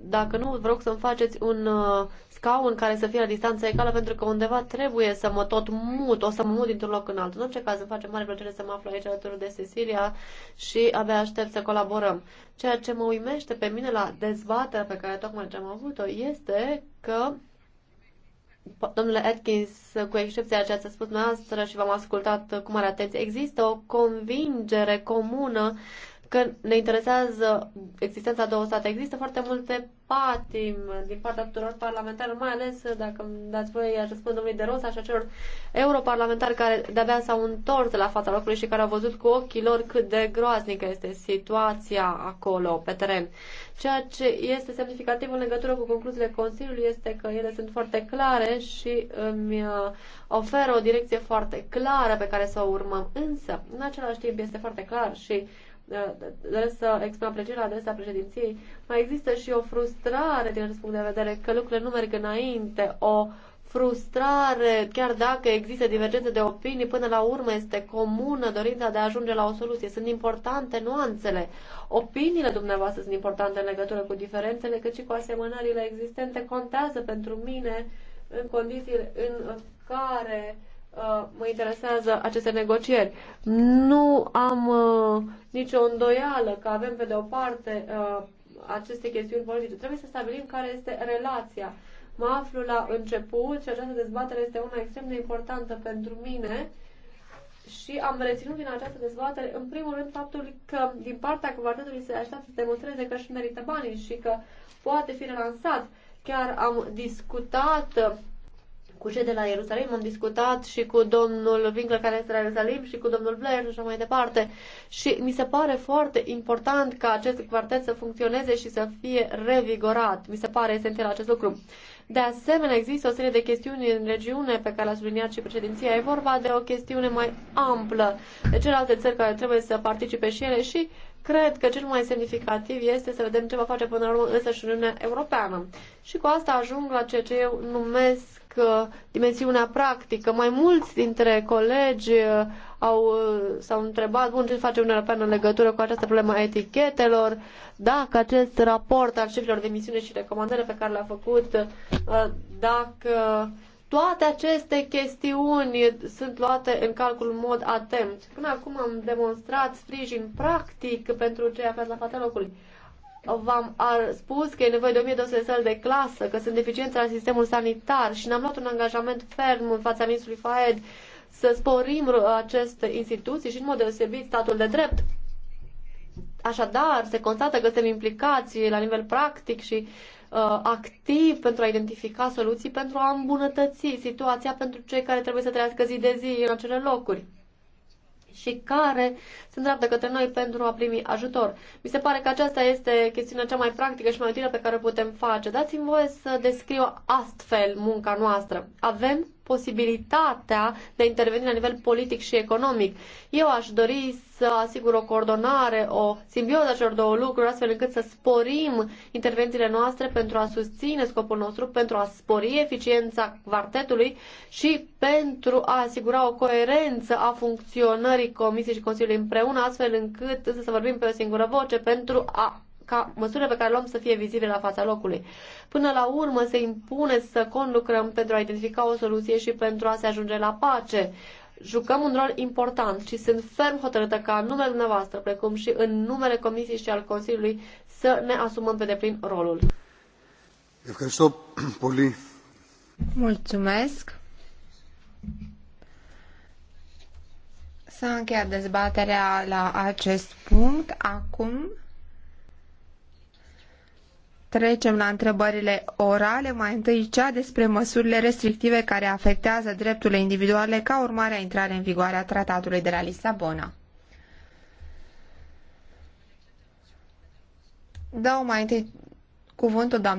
dacă nu, vă rog să-mi faceți un uh, scaun care să fie la distanță egală, pentru că undeva trebuie să mă tot mut, o să mă mut dintr-un loc în altul. În orice caz, îmi face mare plăcere să mă aflu aici alături de Cecilia și abia aștept să colaborăm. Ceea ce mă uimește pe mine la dezbaterea pe care tocmai am avut-o este că Domnule Atkins, cu excepția a ce ați spus noastră și v-am ascultat cu mare atenție, există o convingere comună că ne interesează existența două state. Există foarte multe patim din partea tuturor parlamentarilor, mai ales dacă îmi dați voie, i-aș răspunde domnului de Rosa și acelor europarlamentari care de-abia s-au întors la fața locului și care au văzut cu ochii lor cât de groaznică este situația acolo, pe teren. Ceea ce este semnificativ în legătură cu concluziile Consiliului este că ele sunt foarte clare și îmi uh, oferă o direcție foarte clară pe care să o urmăm. Însă, în același timp, este foarte clar și doresc să exprim aprecierea adresa președinției, mai există și o frustrare din acest punct de vedere că lucrurile nu merg înainte, o frustrare, chiar dacă există divergențe de opinii, până la urmă este comună dorința de a ajunge la o soluție. Sunt importante nuanțele. Opiniile dumneavoastră sunt importante în legătură cu diferențele, cât și cu asemănările existente. Contează pentru mine în condițiile în care Uh, mă interesează aceste negocieri. Nu am uh, nicio îndoială că avem pe de o parte uh, aceste chestiuni politice. Trebuie să stabilim care este relația. Mă aflu la început și această dezbatere este una extrem de importantă pentru mine și am reținut din această dezbatere, în primul rând, faptul că din partea quartetului se așteaptă să demonstreze că își merită banii și că poate fi relansat. Chiar am discutat cu cei de la Ierusalim, am discutat și cu domnul Winkler care este la Ierusalim și cu domnul Blair și așa mai departe. Și mi se pare foarte important ca acest quartet să funcționeze și să fie revigorat. Mi se pare esențial acest lucru. De asemenea, există o serie de chestiuni în regiune pe care a subliniat și președinția. E vorba de o chestiune mai amplă de celelalte țări care trebuie să participe și ele și Cred că cel mai semnificativ este să vedem ce va face până la urmă însă și Uniunea Europeană. Și cu asta ajung la ceea ce eu numesc uh, dimensiunea practică. Mai mulți dintre colegi uh, au, uh, s-au întrebat, bun, ce face Uniunea Europeană în legătură cu această problemă a etichetelor, dacă acest raport al șefilor de misiune și recomandări pe care le-a făcut, dacă toate aceste chestiuni sunt luate în calcul în mod atent. Până acum am demonstrat sprijin practic pentru cei aflați la fața locului. V-am spus că e nevoie de 1200 săli de clasă, că sunt deficiențe la sistemul sanitar și ne-am luat un angajament ferm în fața ministrului Faed să sporim aceste instituții și în mod deosebit statul de drept. Așadar, se constată că suntem implicați la nivel practic și uh, Uh, activ pentru a identifica soluții, pentru a îmbunătăți situația pentru cei care trebuie să trăiască zi de zi în acele locuri și care se îndreaptă către noi pentru a primi ajutor. Mi se pare că aceasta este chestiunea cea mai practică și mai utilă pe care o putem face. Dați-mi voie să descriu astfel munca noastră. Avem posibilitatea de a interveni la nivel politic și economic. Eu aș dori să asigur o coordonare, o simbioză celor două lucruri, astfel încât să sporim intervențiile noastre pentru a susține scopul nostru, pentru a spori eficiența quartetului și pentru a asigura o coerență a funcționării Comisiei și Consiliului împreună, astfel încât să vorbim pe o singură voce pentru a ca măsurile pe care luăm să fie vizibile la fața locului. Până la urmă se impune să conlucrăm pentru a identifica o soluție și pentru a se ajunge la pace. Jucăm un rol important și sunt ferm hotărâtă ca în numele dumneavoastră, precum și în numele Comisiei și al Consiliului, să ne asumăm pe deplin rolul. Mulțumesc. S-a încheiat dezbaterea la acest punct. Acum Trecem la întrebările orale, mai întâi cea despre măsurile restrictive care afectează drepturile individuale ca urmare a intrării în vigoare a tratatului de la Lisabona. Dau mai întâi cuvântul doamnei.